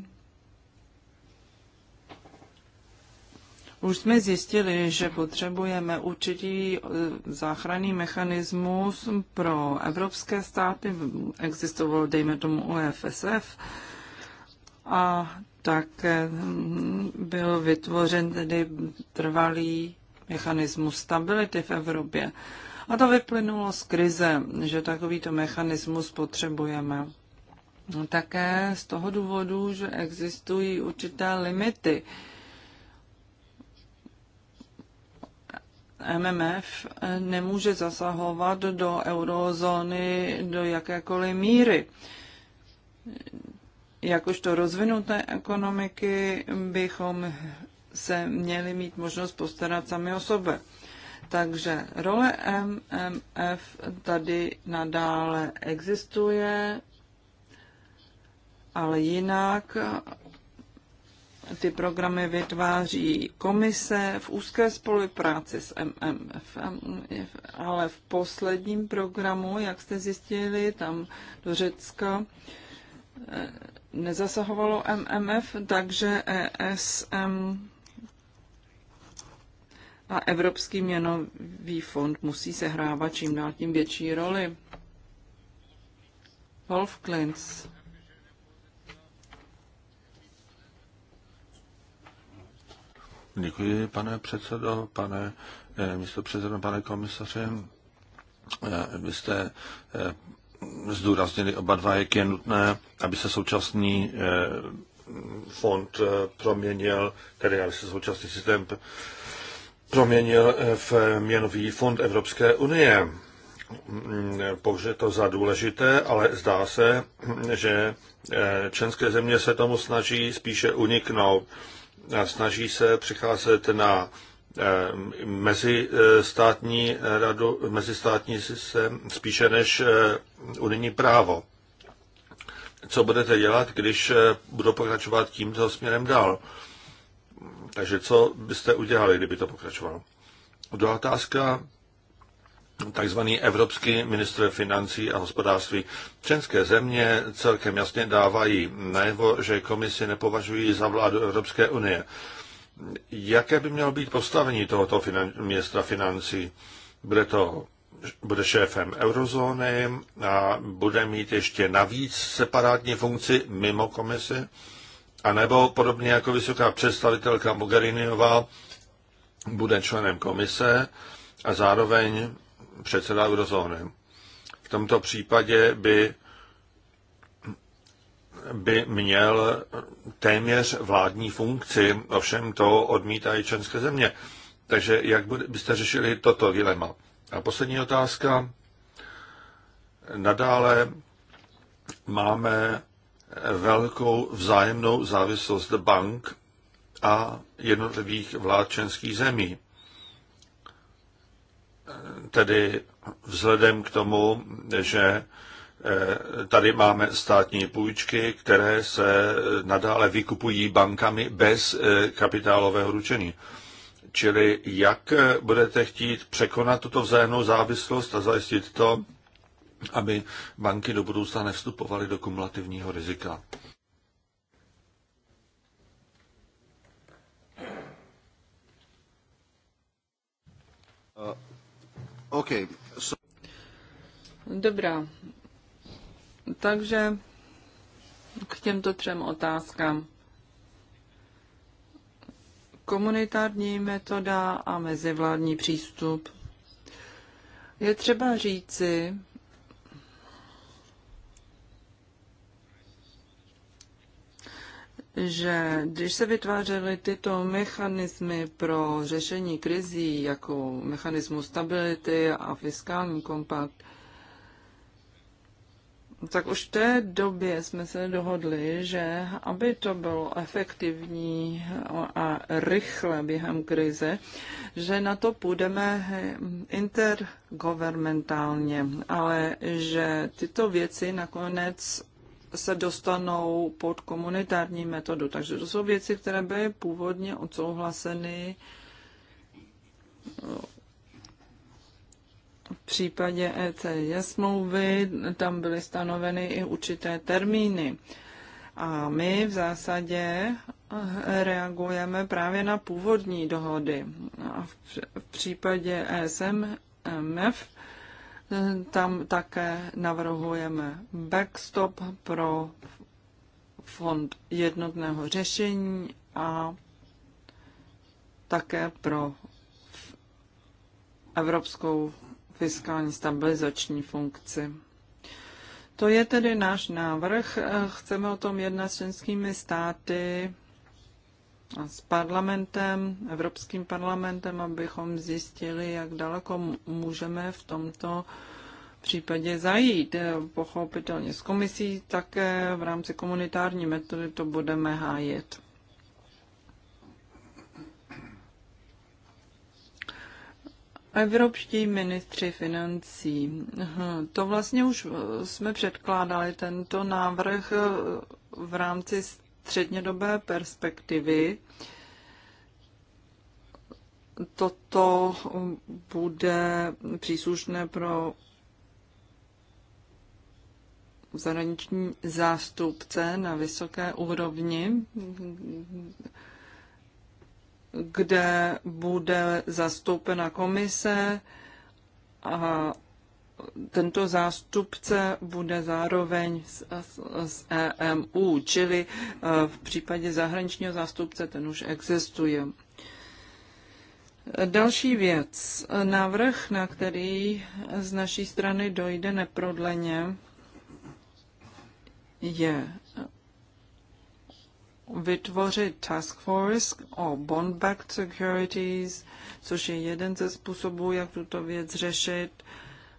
Speaker 2: už jsme zjistili, že potřebujeme určitý eh, záchranný mechanismus pro evropské státy. Existoval, dejme tomu, UFSF. A tak eh, byl vytvořen tedy trvalý mechanismus stability v Evropě. A to vyplynulo z krize, že takovýto mechanismus potřebujeme. No, také z toho důvodu, že existují určité limity. MMF nemůže zasahovat do eurozóny do jakékoliv míry jakožto rozvinuté ekonomiky bychom se měli mít možnost postarat sami o sebe. Takže role MMF tady nadále existuje, ale jinak ty programy vytváří komise v úzké spolupráci s MMF, ale v posledním programu, jak jste zjistili, tam do Řecka nezasahovalo MMF, takže ESM a Evropský měnový fond musí sehrávat čím dál tím větší roli. Wolf Klins.
Speaker 3: Děkuji, pane předsedo, pane eh, místo předsedo, pane komisaře. Eh, vy jste eh, zdůraznili oba dva, jak je nutné, aby se současný eh, fond eh, proměnil, tedy aby se současný systém proměnil eh, v měnový fond Evropské unie. Mm, Použije to za důležité, ale zdá se, že členské země se tomu snaží spíše uniknout. Snaží se přicházet na mezistátní, eh, radu, mezistátní systém spíše než eh, unijní právo. Co budete dělat, když eh, budou pokračovat tímto směrem dál? Takže co byste udělali, kdyby to pokračovalo? Druhá otázka, takzvaný Evropský ministr financí a hospodářství. Členské země celkem jasně dávají najevo, že komisi nepovažují za vládu Evropské unie jaké by mělo být postavení tohoto finan, ministra financí? Bude to bude šéfem eurozóny a bude mít ještě navíc separátní funkci mimo komisi? A nebo podobně jako vysoká představitelka Mogheriniová bude členem komise a zároveň předseda eurozóny. V tomto případě by by měl téměř vládní funkci, ovšem to odmítají členské země. Takže jak byste řešili toto dilema? A poslední otázka. Nadále máme velkou vzájemnou závislost bank a jednotlivých vlád členských zemí. Tedy vzhledem k tomu, že Eh, tady máme státní půjčky, které se nadále vykupují bankami bez eh, kapitálového ručení. Čili jak eh, budete chtít překonat tuto vzájemnou závislost a zajistit to, aby banky do budoucna nevstupovaly do kumulativního rizika?
Speaker 1: Uh, okay. so...
Speaker 2: Dobrá, takže k těmto třem otázkám. Komunitární metoda a mezivládní přístup. Je třeba říci, že když se vytvářely tyto mechanismy pro řešení krizí, jako mechanismus stability a fiskální kompakt, tak už v té době jsme se dohodli, že aby to bylo efektivní a rychle během krize, že na to půjdeme intergovernmentálně, ale že tyto věci nakonec se dostanou pod komunitární metodu. Takže to jsou věci, které byly původně odsouhlaseny případě ECJ smlouvy tam byly stanoveny i určité termíny. A my v zásadě eh, reagujeme právě na původní dohody. A v případě ESM, eh, tam také navrhujeme backstop pro fond jednotného řešení a také pro Evropskou fiskální stabilizační funkci. To je tedy náš návrh. Chceme o tom jednat s členskými státy, a s parlamentem, Evropským parlamentem, abychom zjistili, jak daleko můžeme v tomto případě zajít. Pochopitelně s komisí také v rámci komunitární metody to budeme hájet. Evropští ministři financí. Hm, to vlastně už eh, jsme předkládali tento návrh eh, v rámci střednědobé perspektivy. Toto hm, bude příslušné pro zahraniční zástupce na vysoké úrovni, kde bude zastoupena komise a tento zástupce bude zároveň s, s EMU, čili eh, v případě zahraničního zástupce ten už existuje. Další věc. Návrh, na který z naší strany dojde neprodleně, je vytvořit task force o bond-backed securities, což je jeden ze způsobů, jak tuto věc řešit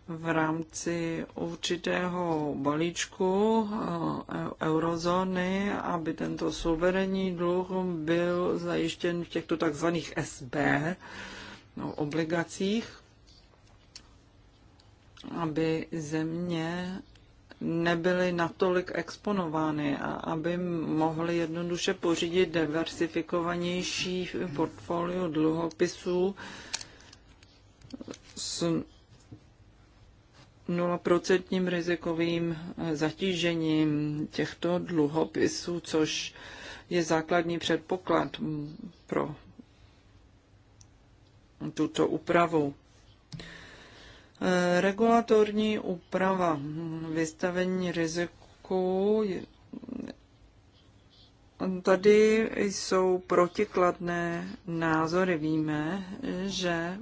Speaker 2: v rámci určitého balíčku eh, eurozóny, aby tento suverénní dluh byl zajištěn v těchto takzvaných SB, no, obligacích, aby země nebyly natolik exponovány a aby mohly jednoduše pořídit diversifikovanější portfolio dluhopisů s 0% rizikovým zatížením těchto dluhopisů, což je základní předpoklad pro tuto úpravu. Eh, regulatorní úprava hm, vystavení riziku. Tady jsou protikladné názory. Víme, že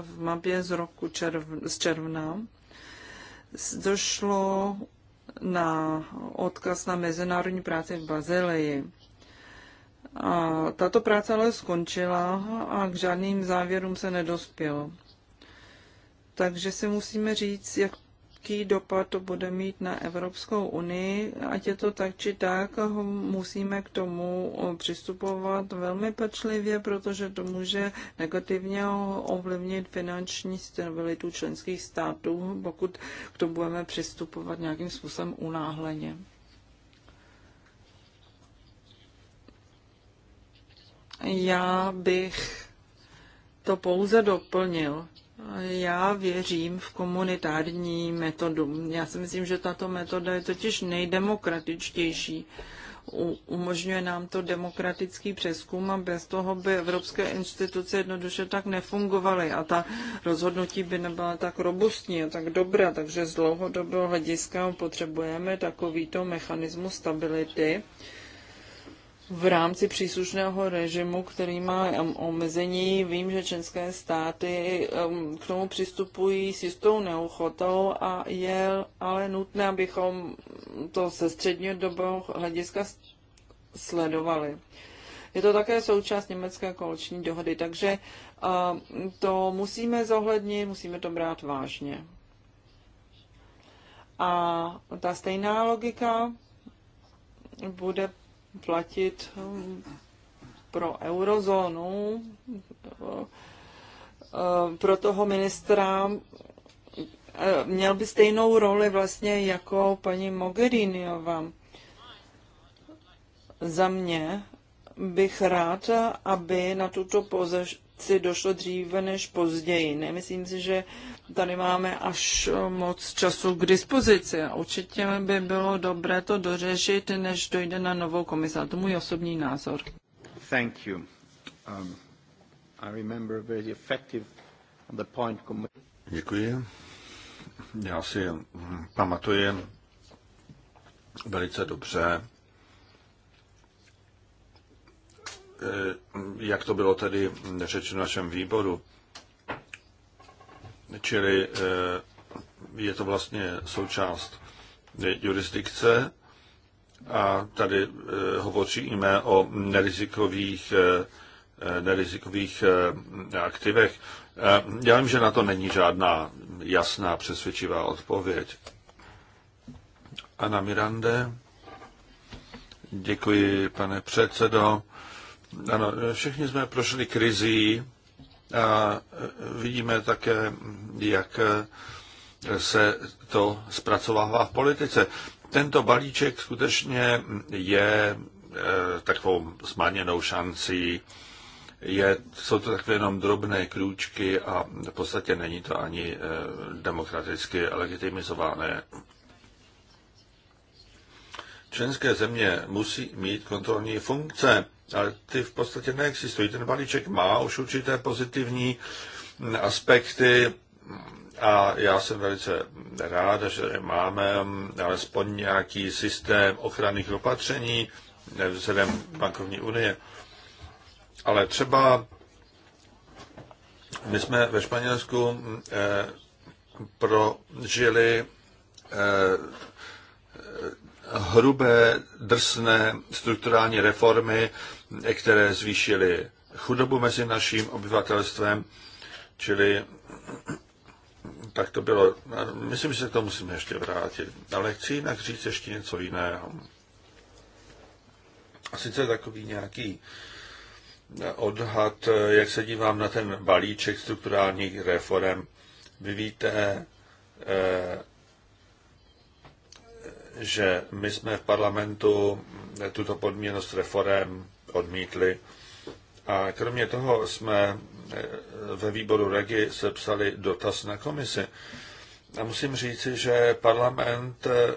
Speaker 2: v mapě z roku červ, z června došlo na odkaz na mezinárodní práci v Bazileji. A tato práce ale skončila a k žádným závěrům se nedospělo. Takže si musíme říct, jaký dopad to bude mít na Evropskou unii, ať je to tak či tak, musíme k tomu přistupovat velmi pečlivě, protože to může negativně ovlivnit finanční stabilitu členských států, pokud k tomu budeme přistupovat nějakým způsobem unáhleně. Já bych to pouze doplnil. Já věřím v komunitární metodu. Já si myslím, že tato metoda je totiž nejdemokratičtější. U, umožňuje nám to demokratický přeskum a bez toho by evropské instituce jednoduše tak nefungovaly a ta rozhodnutí by nebyla tak robustní a tak dobrá, takže z dlouhodobého hlediska potřebujeme takovýto mechanismus stability, v rámci příslušného režimu, který má um, omezení. Vím, že české státy um, k tomu přistupují s jistou neuchotou a je ale nutné, abychom to se dobou hlediska sledovali. Je to také součást německé koaliční dohody, takže um, to musíme zohlednit, musíme to brát vážně. A ta stejná logika bude platit hm, pro eurozónu, hm, pro toho ministra hm, měl by stejnou roli vlastně jako paní Mogheriniová. Za mě bych rád, aby na tuto pozici došlo dříve než později. Nemyslím si, že tady máme až eh, moc času k dispozici. určitě by bylo dobré to dořešit, než dojde na novou komisi. To můj osobní názor. Thank you. Um, I remember very effective the point...
Speaker 3: Děkuji. Já si hm, pamatuji velice dobře, eh, jak to bylo tedy řečeno v našem výboru. Čili eh, je to vlastně součást jurisdikce a tady eh, hovoříme o nerizikových, eh, nerizikových aktivech. Já vím, že na to není žádná jasná přesvědčivá odpověď. Ana Mirande. Děkuji, pane předsedo. Ano, všichni jsme prošli krizí a e, vidíme také, jak e, se to zpracovává v politice. Tento balíček skutečně je e, takovou zmaněnou šancí. Je, jsou to takové jenom drobné krůčky a v podstatě není to ani demokraticky legitimizované. Členské země musí mít kontrolní funkce ale ty v podstatě neexistují. Ten balíček má už určité pozitivní aspekty a já jsem velice rád, že máme alespoň nějaký systém ochranných opatření vzhledem bankovní unie. Ale třeba my jsme ve Španělsku eh, prožili eh, hrubé, drsné strukturální reformy, které zvýšily chudobu mezi naším obyvatelstvem, čili tak to bylo. Myslím, že se k tomu musíme ještě vrátit. Ale chci jinak říct ještě něco jiného. A sice takový nějaký odhad, jak se dívám na ten balíček strukturálních reform. Vy víte, eh, že my jsme v parlamentu tuto podmíněnost reform odmítli. A kromě toho jsme eh, ve výboru Regi sepsali dotaz na komisi. A musím říci, že parlament eh,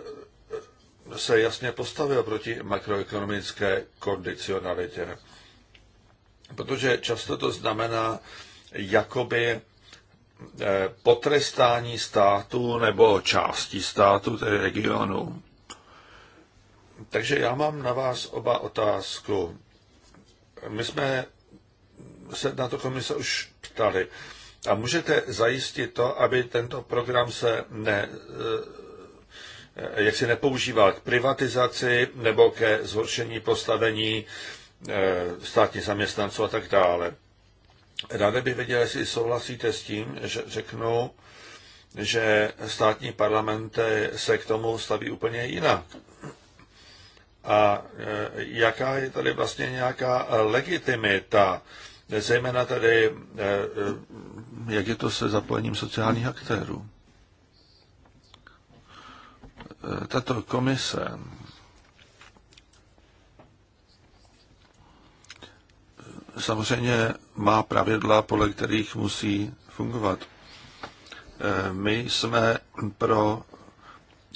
Speaker 3: se jasně postavil proti makroekonomické kondicionalitě. Protože často to znamená jakoby eh, potrestání státu nebo části státu, tedy regionu. Takže já mám na vás oba otázku. My jsme se na to komise už ptali. A můžete zajistit to, aby tento program se ne, eh, jak si nepoužíval k privatizaci nebo ke zhoršení postavení eh, státních zaměstnanců a tak dále. Ráda bych věděla, jestli souhlasíte s tím, že řeknu, že státní parlament eh, se k tomu staví úplně jinak a eh, jaká je tady vlastně nějaká eh, legitimita, zejména tady, eh, jak je to se zapojením sociálních aktérů. Tato komise samozřejmě má pravidla, podle kterých musí fungovat. My jsme pro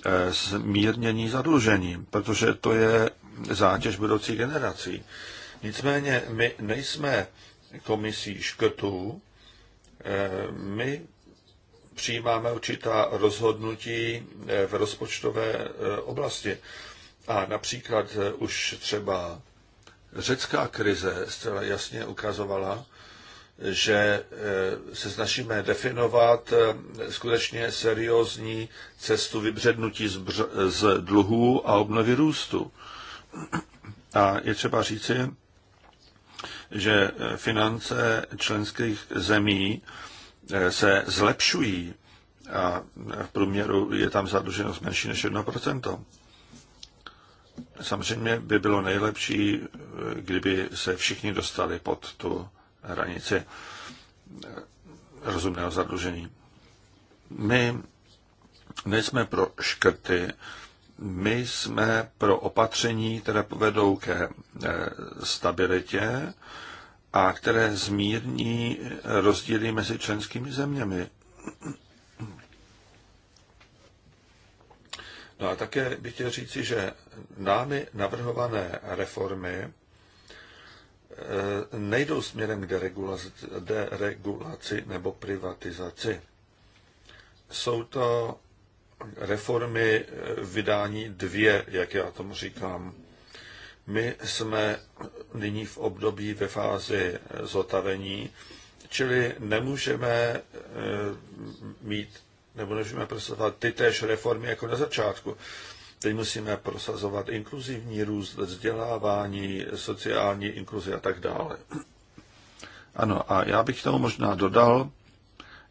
Speaker 3: Eh, zmírnění zadlužení, protože to je zátěž budoucí generací. Nicméně my nejsme komisí škrtů, eh, my přijímáme určitá rozhodnutí eh, v rozpočtové oblasti. A například už třeba řecká krize zcela jasně ukazovala, že e, se snažíme definovat e, skutečně seriózní cestu vybřednutí z, bř- z dluhů a obnovy růstu. A je třeba říci, že finance členských zemí e, se zlepšují a v průměru je tam zadluženost menší než 1%. Samozřejmě by bylo nejlepší, kdyby se všichni dostali pod tu hranici rozumného zadlužení. My nejsme pro škrty, my jsme pro opatření, které povedou ke eh, stabilitě a které zmírní rozdíly mezi členskými zeměmi. No a také bych chtěl říci, že námi navrhované reformy Eh, nejdou směrem k deregulaci, nebo privatizaci. Jsou to reformy eh, vydání dvě, jak já tomu říkám. My jsme nyní v období ve fázi eh, zotavení, čili nemůžeme mít nebo nemůžeme prosazovat ty též reformy jako na začátku. Teď musíme prosazovat inkluzivní růst, vzdělávání, sociální inkluzi a tak dále. Ano, a já bych tomu možná dodal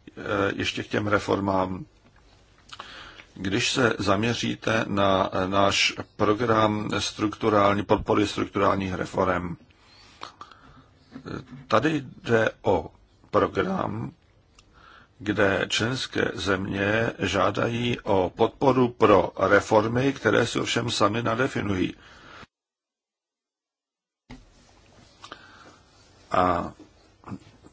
Speaker 3: eh, ještě k těm reformám. Když se zaměříte na náš program strukturální, podpory strukturálních reform, eh, tady jde o program, kde členské země žádají o podporu pro reformy, které si ovšem sami nadefinují. A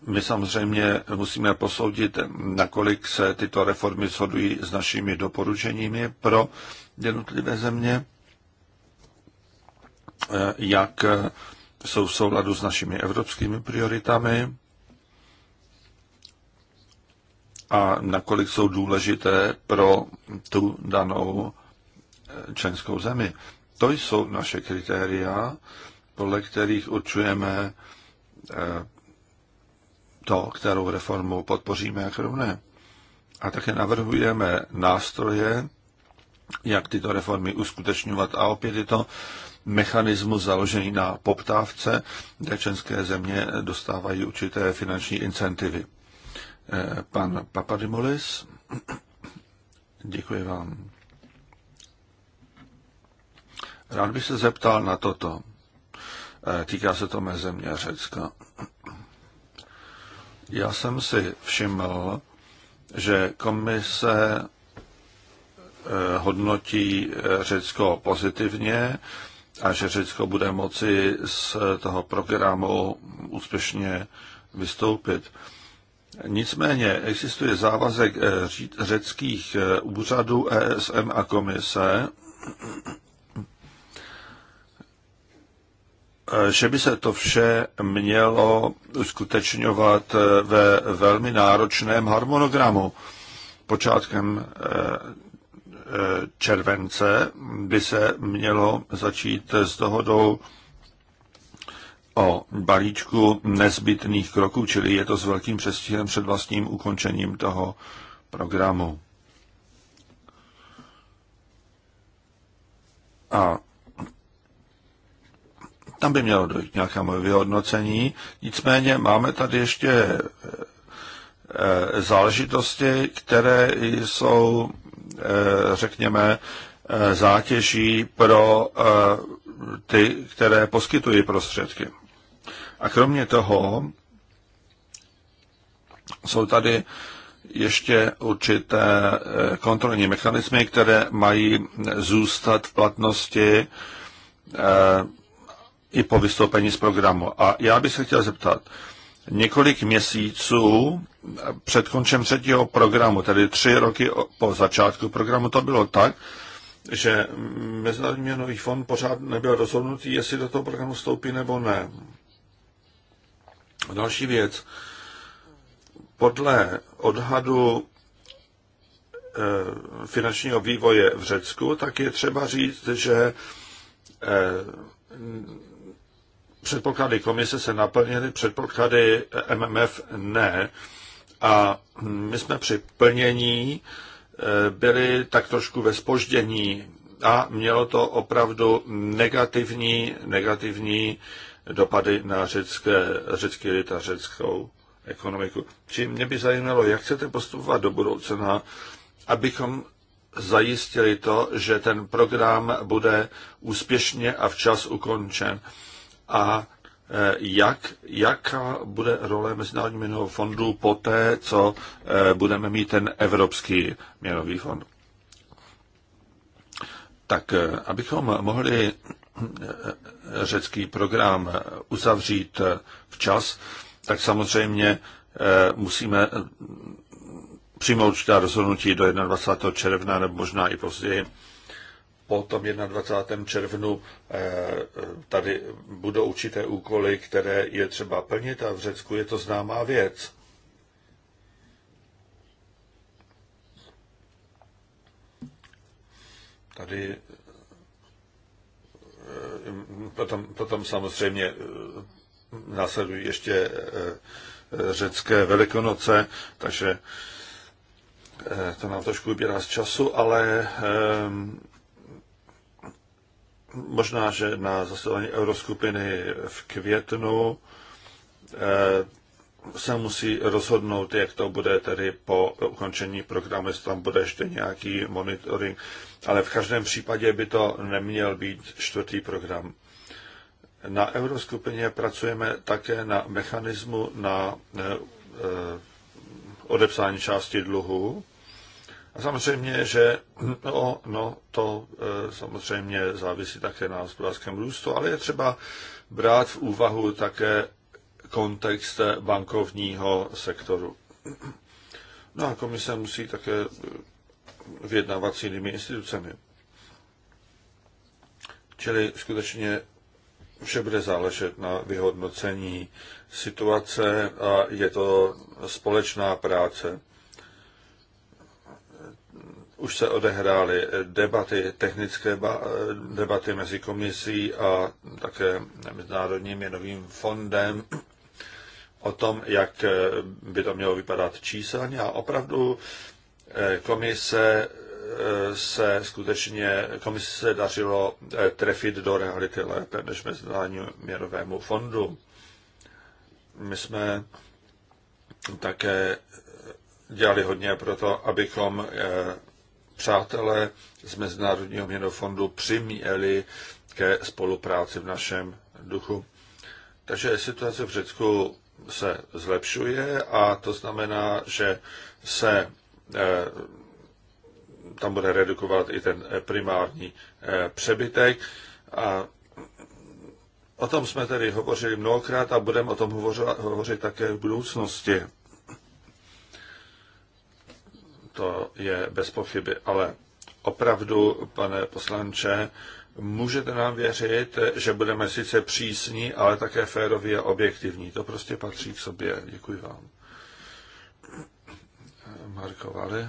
Speaker 3: my samozřejmě musíme posoudit, nakolik se tyto reformy shodují s našimi doporučeními pro jednotlivé země, jak jsou v souladu s našimi evropskými prioritami a nakolik jsou důležité pro tu danou eh, členskou zemi. To jsou naše kritéria, podle kterých určujeme eh, to, kterou reformu podpoříme a kterou ne. A také navrhujeme nástroje, jak tyto reformy uskutečňovat. A opět je to mechanismus založený na poptávce, kde české země dostávají určité finanční incentivy. Eh, pan Papadimolis, děkuji vám. Rád bych se zeptal na toto. Eh, týká se to mé země Řecka. Já jsem si všiml, že komise eh, hodnotí Řecko pozitivně a že Řecko bude moci z toho programu úspěšně vystoupit. Nicméně existuje závazek eh, řeckých eh, úřadů ESM a komise, eh, že by se to vše mělo uskutečňovat ve velmi náročném harmonogramu. Počátkem července by se mělo začít s dohodou o balíčku nezbytných kroků, čili je to s velkým přestihem před vlastním ukončením toho programu. A tam by mělo dojít moje vyhodnocení. Nicméně máme tady ještě eh, záležitosti, které jsou, eh, řekněme, eh, zátěží pro ty, které poskytují prostředky. A kromě toho jsou tady ještě určité eh, kontrolní mechanismy, které mají zůstat v platnosti eh, i po vystoupení z programu. A já bych se chtěl zeptat, několik měsíců před končem třetího programu, tedy tři roky po začátku programu, to bylo tak, že Mezinárodní měnový fond pořád nebyl rozhodnutý, jestli do toho programu vstoupí nebo ne. Další věc. Podle odhadu eh, finančního vývoje v Řecku, tak je třeba říct, že eh, předpoklady komise se naplnily, předpoklady MMF ne. A my jsme při plnění eh, byli tak trošku ve spoždění a mělo to opravdu negativní, negativní dopady na řecké, řecký lid a řeckou ekonomiku. Čím mě by zajímalo, jak chcete postupovat do budoucna, abychom zajistili to, že ten program bude úspěšně a včas ukončen. A e, jak, jaká bude role Mezinárodního měnového fondu té, co e, budeme mít ten Evropský měnový fond? Tak e, abychom mohli řecký program uzavřít včas, tak samozřejmě eh, musíme eh, přijmout určitá rozhodnutí do 21. června nebo možná i později. Po tom 21. červnu eh, tady budou určité úkoly, které je třeba plnit a v Řecku je to známá věc. Tady potom, potom samozřejmě eh, následují ještě eh, eh, řecké velikonoce, takže to nám trošku vybírá z času, ale možná, že na zasedání euroskupiny v květnu se musí rozhodnout, jak to bude tedy po ukončení programu, jestli tam bude ještě nějaký monitoring, ale v každém případě by to neměl být čtvrtý program. Na euroskupině pracujeme také na mechanismu na e, e, odepsání části dluhu. A samozřejmě, že no, no, to e, samozřejmě závisí také na hospodářském růstu, ale je třeba brát v úvahu také kontext bankovního sektoru. No a komise musí také vyjednávat s jinými institucemi. Čili skutečně vše bude záležet na vyhodnocení situace a je to společná práce. Už se odehrály debaty, technické debaty mezi komisí a také Mezinárodním měnovým fondem o tom, jak eh, by to mělo vypadat číselně a opravdu eh, komise eh, se skutečně komise se dařilo trefit do reality lépe než Mezinárodnímu měrovému fondu. My jsme také dělali hodně pro to, abychom přátelé z Mezinárodního měnového fondu přiměli ke spolupráci v našem duchu. Takže situace v Řecku se zlepšuje a to znamená, že se eh, tam bude redukovat i ten eh, primární eh, přebytek. A o tom jsme tedy hovořili mnohokrát a budeme o tom hovořit, hovořit také v budoucnosti. To je bez pochyby, ale opravdu, pane poslanče, Můžete nám věřit, že budeme sice přísní, ale také féroví a objektivní. To prostě patří k sobě. Děkuji vám. Marko Vary.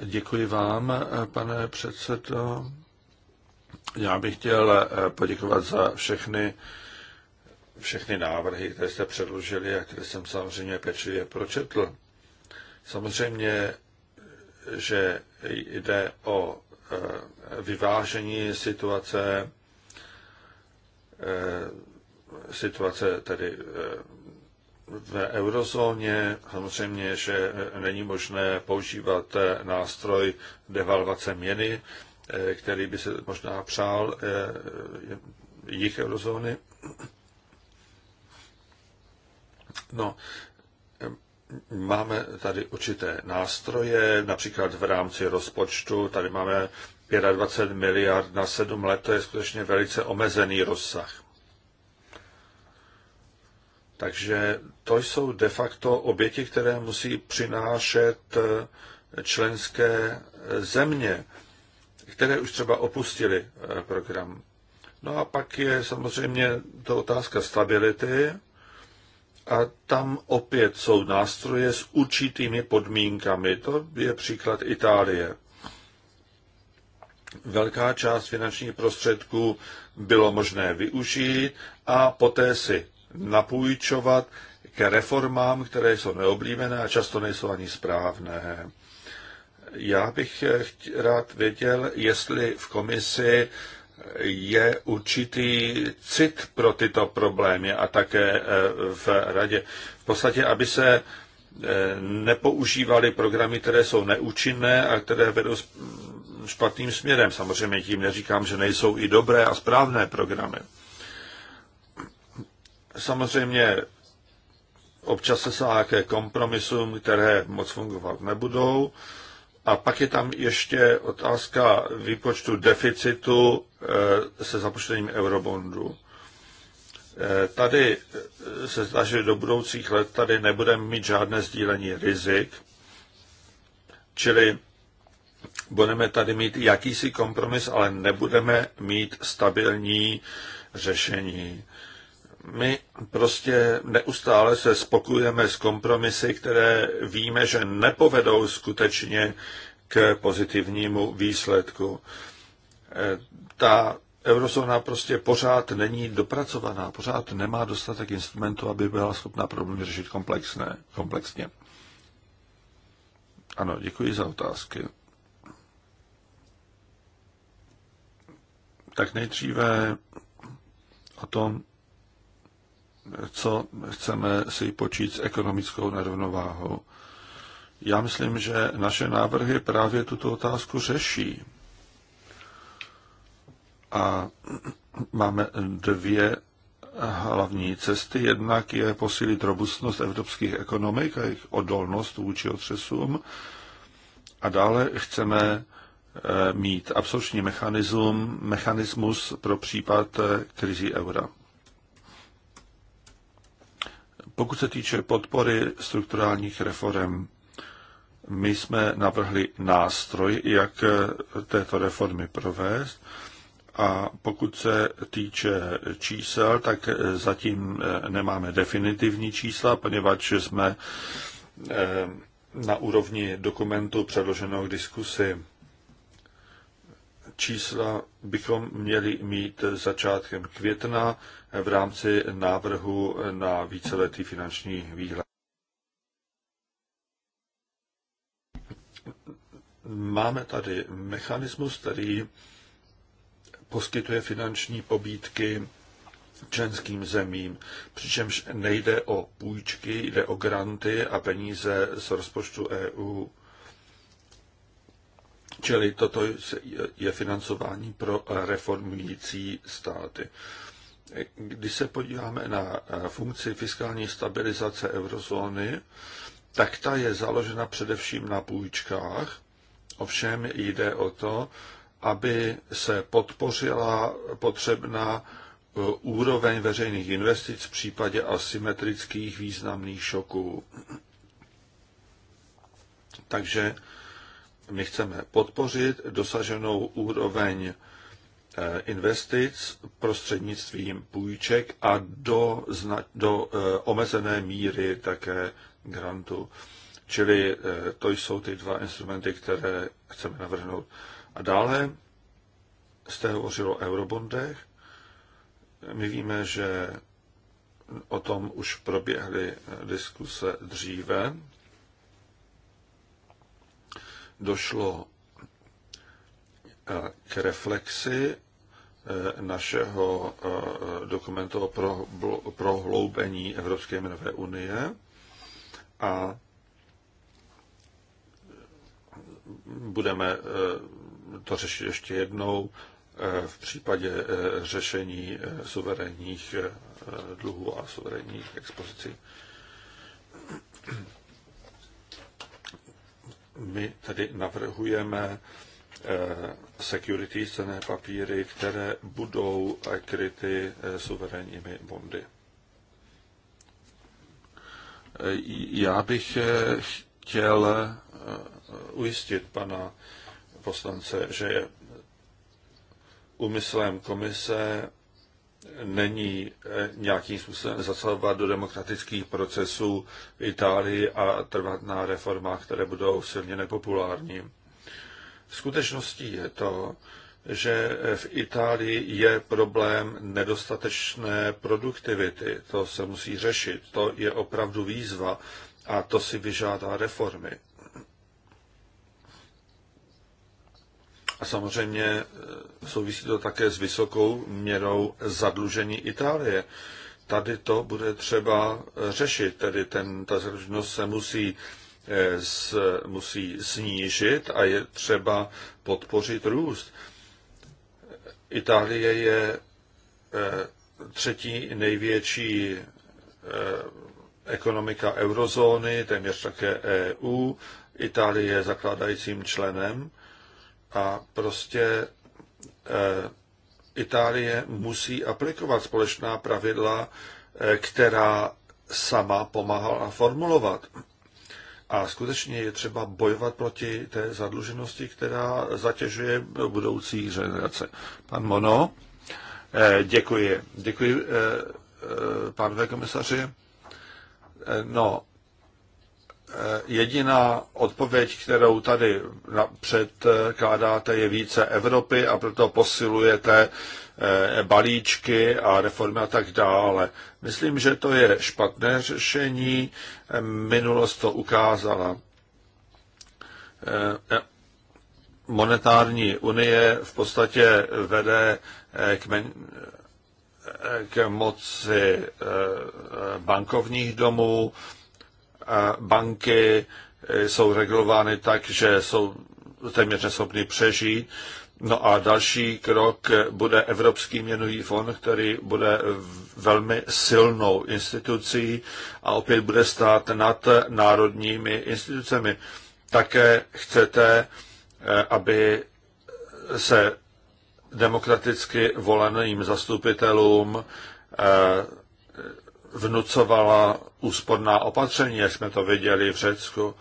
Speaker 3: Děkuji vám, pane předsedo. Já bych chtěl poděkovat za všechny, všechny návrhy, které jste předložili a které jsem samozřejmě pečlivě pročetl. Samozřejmě, že jde o Eh, vyvážení situace, eh, situace tedy eh, v eurozóně. Samozřejmě, že není možné používat nástroj devalvace měny, který by se možná přál jich eurozóny. No, máme tady určité nástroje, například v rámci rozpočtu, tady máme 25 miliard na 7 let, to je skutečně velice omezený rozsah. Takže to jsou de facto oběti, které musí přinášet eh, členské eh, země, které už třeba opustili eh, program. No a pak je samozřejmě to otázka stability a tam opět jsou nástroje s určitými podmínkami. To je příklad Itálie. Velká část finančních prostředků bylo možné využít a poté si napůjčovat ke reformám, které jsou neoblíbené a často nejsou ani správné. Já bych rád věděl, jestli v komisi je určitý cit pro tyto problémy a také eh, v radě. V podstatě, aby se eh, nepoužívaly programy, které jsou neúčinné a které vedou mm, špatným směrem. Samozřejmě tím neříkám, že nejsou i dobré a správné programy. Samozřejmě občas se sáhá ke kompromisům, které moc fungovat nebudou, a pak je tam ještě otázka výpočtu deficitu eh, se započtením eurobondu. Eh, tady eh, se zdá, že do budoucích let tady nebudeme mít žádné sdílení rizik, čili budeme tady mít jakýsi kompromis, ale nebudeme mít stabilní řešení my prostě neustále se spokujeme s kompromisy, které víme, že nepovedou skutečně k pozitivnímu výsledku. E, ta eurozóna prostě pořád není dopracovaná, pořád nemá dostatek instrumentů, aby byla schopná problémy řešit komplexné, komplexně. Ano, děkuji za otázky. Tak nejdříve o tom, co chceme si počít s ekonomickou nerovnováhou. Já myslím, že naše návrhy právě tuto otázku řeší. A máme dvě hlavní cesty. Jednak je posílit robustnost evropských ekonomik a jejich odolnost vůči otřesům. A dále chceme eh, mít absorpční mechanismus, mechanismus pro případ eh, krizi eura. Pokud se týče podpory strukturálních reform, my jsme navrhli nástroj, jak této reformy provést. A pokud se týče čísel, tak zatím eh, nemáme definitivní čísla, poněvadž jsme eh, na úrovni dokumentu předloženou k diskusi. Čísla bychom měli mít začátkem května, v rámci návrhu na víceletý finanční výhled. Máme tady mechanismus, který poskytuje finanční pobídky členským zemím, přičemž nejde o půjčky, jde o granty a peníze z rozpočtu EU. Čili toto je financování pro reformující státy. Když se podíváme na funkci fiskální stabilizace eurozóny, tak ta je založena především na půjčkách. Ovšem jde o to, aby se podpořila potřebná e, úroveň veřejných investic v případě asymetrických významných šoků. Takže my chceme podpořit dosaženou úroveň Eh, investic prostřednictvím půjček a do, zna, do eh, omezené míry také grantu. Čili eh, to jsou ty dva instrumenty, které chceme navrhnout. A dále jste hovořil o eurobondech. My víme, že o tom už proběhly diskuse dříve. Došlo k reflexi našeho eh, dokumentu o prohloubení Evropské měnové unie a budeme eh, to řešit ještě jednou eh, v případě řešení suverénních dluhů a suverénních expozicí. My tedy navrhujeme Eh, security cené papíry, které budou kryty eh, suverénními bondy. Eh, já bych chtěl ujistit pana poslance, že úmyslem komise není nějakým způsobem zasahovat do demokratických procesů v Itálii a trvat na reformách, které budou silně nepopulární. Skutečností je to, že v Itálii je problém nedostatečné produktivity. To se musí řešit. To je opravdu výzva a to si vyžádá reformy. A samozřejmě eh, souvisí to také s vysokou měrou zadlužení Itálie. Tady to bude třeba řešit, tedy ten, ta zadluženost se musí musí snížit a je třeba podpořit růst. Itálie je e, třetí největší e, ekonomika eurozóny, téměř také EU. Itálie je zakládajícím členem a prostě e, Itálie musí aplikovat společná pravidla, která sama pomáhala formulovat. A skutečně je třeba bojovat proti té zadluženosti, která zatěžuje budoucí generace. Pan Mono, eh, děkuji. Děkuji, eh, eh, pánové komisaři. No, jediná odpověď, kterou tady předkládáte, je více Evropy a proto posilujete Eh, balíčky a reformy a tak dále. Myslím, že to je špatné řešení. Minulost to ukázala. Eh, monetární unie v podstatě vede eh, k, men, k moci bankovních domů. Banky jsou regulovány tak, že jsou téměř neschopný přežít. No a další krok bude Evropský měnový fond, který bude velmi silnou institucí a opět bude stát nad národními institucemi. Také chcete, eh, aby se demokraticky voleným zastupitelům eh, vnucovala úsporná opatření, jak jsme to viděli v Řecku.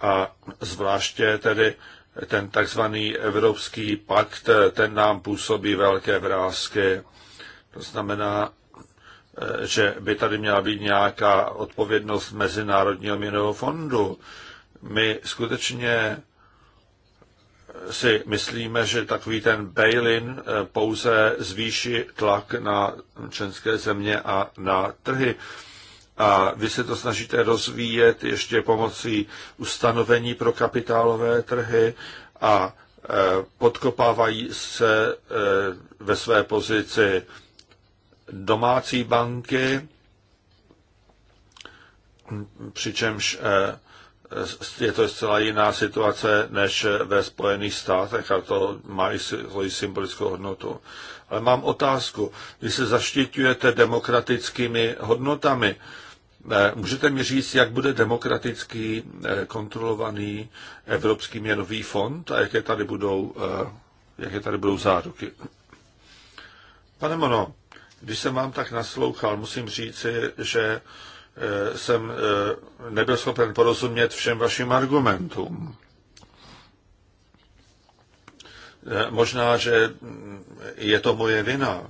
Speaker 3: A zvláště tedy ten takzvaný Evropský pakt, ten nám působí velké vrázky. To znamená, že by tady měla být nějaká odpovědnost Mezinárodního měnového fondu. My skutečně si myslíme, že takový ten bail-in pouze zvýší tlak na členské země a na trhy a vy se to snažíte rozvíjet ještě pomocí ustanovení pro kapitálové trhy a e, podkopávají se e, ve své pozici domácí banky, přičemž e, je to zcela jiná situace než ve Spojených státech a to má i svoji symbolickou hodnotu. Ale mám otázku. vy se zaštiťujete demokratickými hodnotami, Eh, můžete mi říct, jak bude demokraticky eh, kontrolovaný Evropský měnový fond a jaké tady budou, eh, jaké tady budou záruky? Pane Mono, když jsem vám tak naslouchal, musím říci, že jsem nebyl schopen porozumět všem vašim argumentům. Možná, že mm, je to moje vina,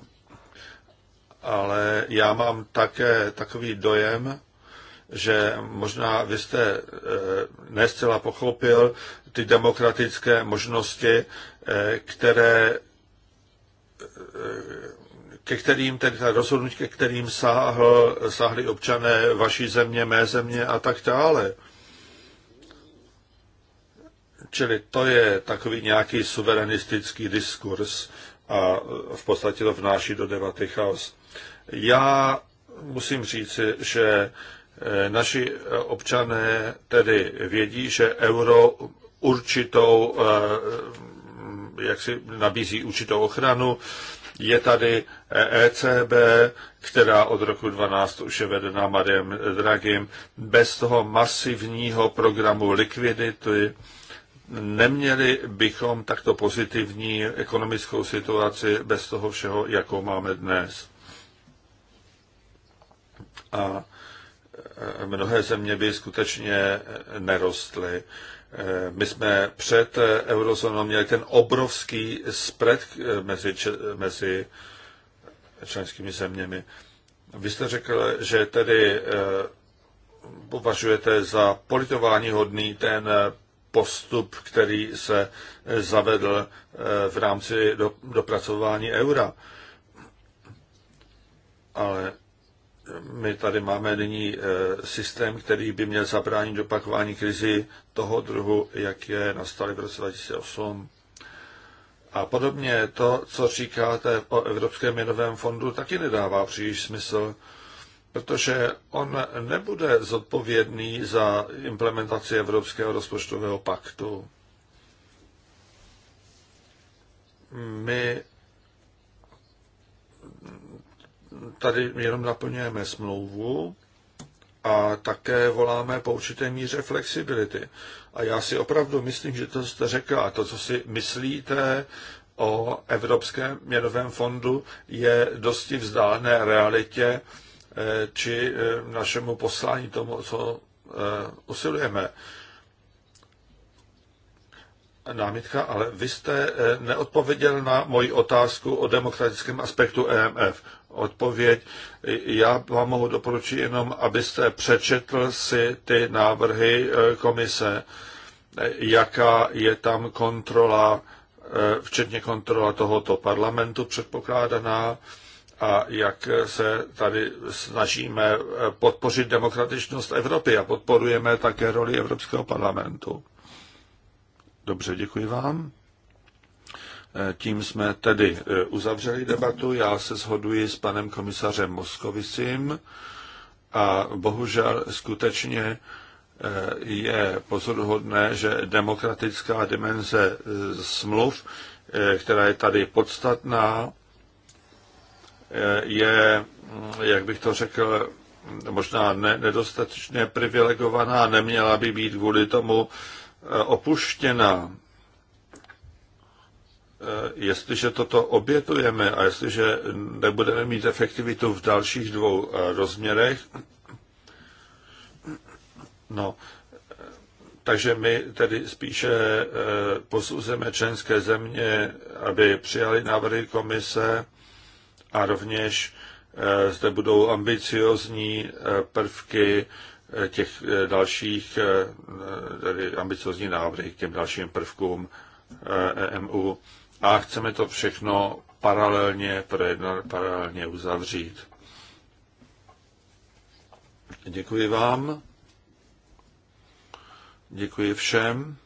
Speaker 3: ale já mám také takový dojem, že možná vy jste e, eh, nescela pochopil ty demokratické možnosti, eh, které eh, ke kterým, tedy ta rozhodnutí, ke kterým sáhl, sáhli občané vaší země, mé země a tak dále. Čili to je takový nějaký suverenistický diskurs a v podstatě to vnáší do debaty chaos. Já musím říci, že eh, naši eh, občané tedy vědí, že euro určitou, eh, jak si nabízí určitou ochranu. Je tady ECB, e která od roku 12 už je vedena Mariem Dragim. Bez toho masivního programu likvidity neměli bychom takto pozitivní ekonomickou situaci bez toho všeho, jakou máme dnes. A e, mnohé země by skutečně nerostly. E, my jsme před eurozónou měli ten obrovský spread e, mezi, mezi členskými zeměmi. Vy jste řekl, že tedy považujete za politování hodný ten postup, který se eh, zavedl eh, v rámci dopracování eura. Ale my tady máme nyní eh, systém, který by měl zabránit opakování krizi toho druhu, jak je nastaly v roce 2008. A podobně to, co říkáte o Evropském měnovém fondu, taky nedává příliš smysl, protože on nebude zodpovědný za implementaci Evropského rozpočtového paktu. My tady jenom naplňujeme smlouvu a také voláme po určité míře flexibility. A já si opravdu myslím, že to, co jste řekl a to, co si myslíte, o Evropském měnovém fondu je dosti vzdálené realitě, Eh, či eh, našemu poslání tomu, co eh, usilujeme. Námitka, ale vy jste neodpověděl na moji otázku o demokratickém aspektu EMF. Odpověď, já vám mohu doporučit jenom, abyste přečetl si ty návrhy komise, jaká je tam kontrola, včetně kontrola tohoto parlamentu předpokládaná, a jak se tady snažíme eh, podpořit demokratičnost Evropy a podporujeme také roli Evropského parlamentu. Dobře, děkuji vám. Eh, tím jsme tedy eh, uzavřeli debatu. Já se shoduji s panem komisařem Moskovicím a bohužel skutečně je pozoruhodné, že demokratická dimenze smluv, která je tady podstatná, je, jak bych to řekl, možná ne, nedostatečně privilegovaná, neměla by být kvůli tomu eh, opuštěna. Eh, jestliže toto obětujeme a jestliže nebudeme mít efektivitu v dalších dvou eh, rozměrech, no, takže my tedy spíše posuzujeme členské země, aby přijali návrhy komise, a rovněž eh, zde budou ambiciozní eh, prvky eh, těch dalších, tedy ambiciozní návrhy k těm dalším prvkům EMU. E a chceme to všechno paralelně projednat, paralelně uzavřít. Děkuji vám. Děkuji všem.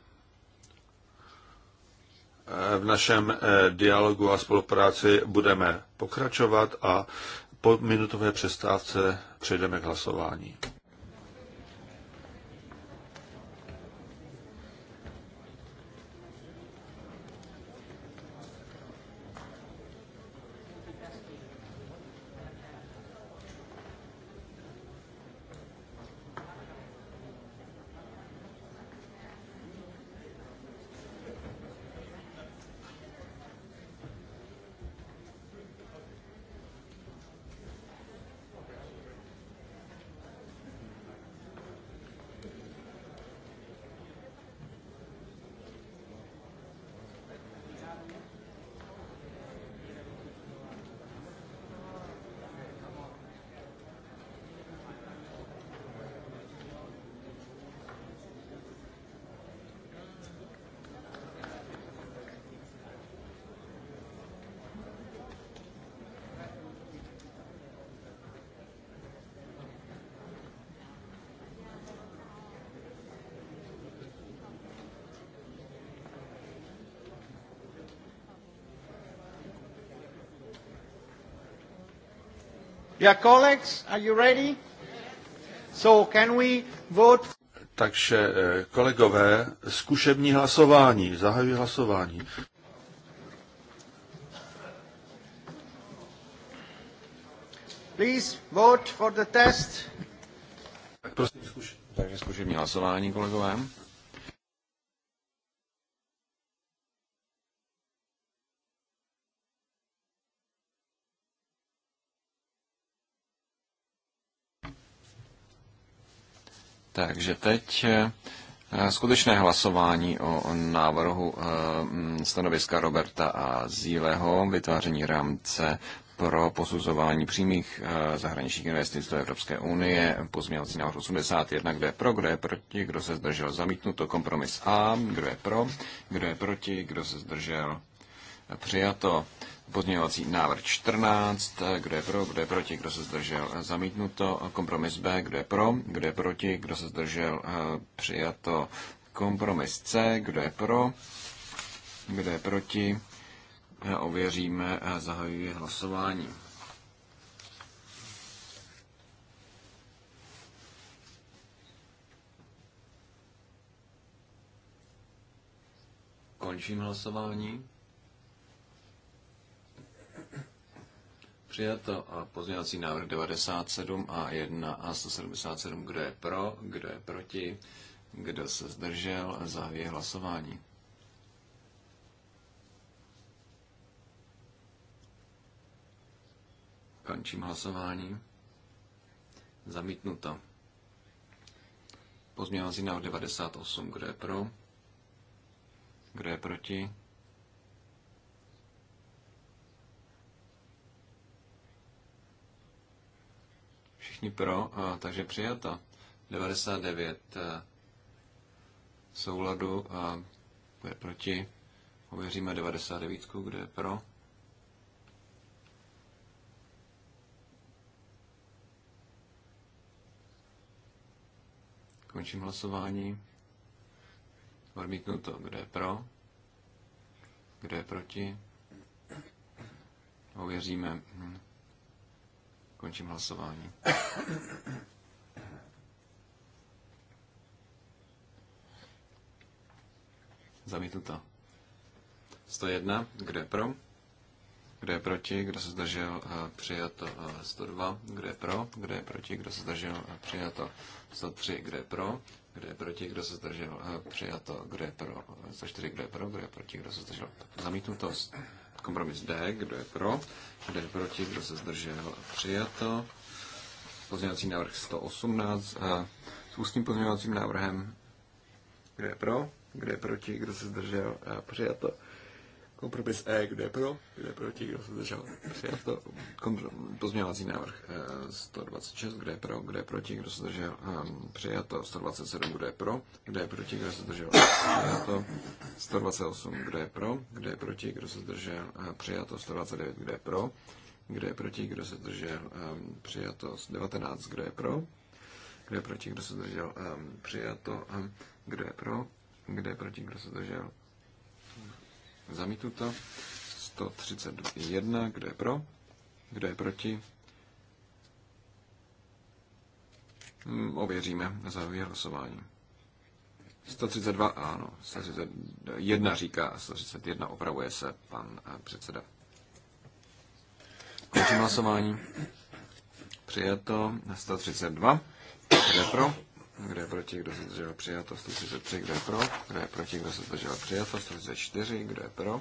Speaker 3: V našem dialogu a spolupráci budeme pokračovat a po minutové přestávce přejdeme k hlasování.
Speaker 2: Yeah, colleagues, are you ready? So can we vote?
Speaker 3: Takže eh, kolegové, zkušební hlasování, zahajuji hlasování. Please vote for the test. Tak prosím, zkuš... Takže
Speaker 1: zkušební hlasování, kolegové. Takže teď eh, skutečné hlasování o návrhu eh, stanoviska Roberta a Zíleho, vytváření rámce pro posuzování přímých eh, zahraničních investic do Evropské unie, pozměňovací návrh 81, kdo je pro, kdo je proti, kdo se zdržel, zamítnuto, kompromis A, kdo je pro, kdo je proti, kdo se zdržel, přijato. Pozměňovací návrh 14. Kdo je pro, kdo je proti, kdo se zdržel? Eh, zamítnuto. Kompromis B. Kdo je pro, kdo je proti, kdo se zdržel? Eh, přijato. Kompromis C. Kdo je pro, kdo je proti? Eh, ověříme. Zahajuji hlasování. Končím hlasování. Přijato a pozměňovací návrh 97 a 1 a 177. Kdo je pro, kdo je proti, kdo se zdržel, zahájí hlasování. Končím hlasování. Zamítnuto. Pozměňovací návrh 98. Kdo je pro? Kdo je proti? všichni pro, a, takže přijato. 99 a, e, souladu a bude proti. Ověříme 99, kde je pro. Končím hlasování. to, kde je pro, Kde je proti. Ověříme. Hm. Končím hlasování. Zamítnuto. 101. Kdo je pro? Kdo je proti? Kdo se zdržel? Eh, přijato. 102. Eh, kdo je pro? Kdo je proti? Kdo se zdržel? Eh, přijato. 103. Kdo je pro? Kdo je proti? Kdo se zdržel? Přijato. Kdo je pro? 104. Kdo je pro? Kdo je proti? Kdo se zdržel? Zamítnuto. Kompromis D, kdo je pro, kdo je proti, kdo se zdržel, přijato. Pozměňovací návrh 118 a eh, s ústním pozměňovacím návrhem, kdo je pro, kdo je proti, kdo se zdržel, eh, přijato. Kompromis E, kdo je pro, kdo je proti, kdo se zdržel, přijato. Pozměňovací návrh 126, kde je pro, kde je proti, kdo se zdržel, přijato. 127, kde je pro, kde je proti, kdo se zdržel, přijato. 128, kde je pro, kde je proti, kdo se zdržel, přijato. 129, kde je pro, kde je proti, kdo se zdržel, přijato. 19, kde je pro, kde je proti, kdo se zdržel, přijato. Kdo je pro, kde je proti, kdo se zdržel, zamítnuto. 131, kdo je pro, kdo je proti. Hmm, ověříme, za hlasování. 132, ano, 131 říká, 131 opravuje se pan eh, předseda. Končím hlasování. Přijato 132, kdo je pro. Kdo je proti, kdo se zdržel přijato? 133. Kdo je pro? Kdo je proti, kdo se zdržel přijato? 134. Kdo je pro?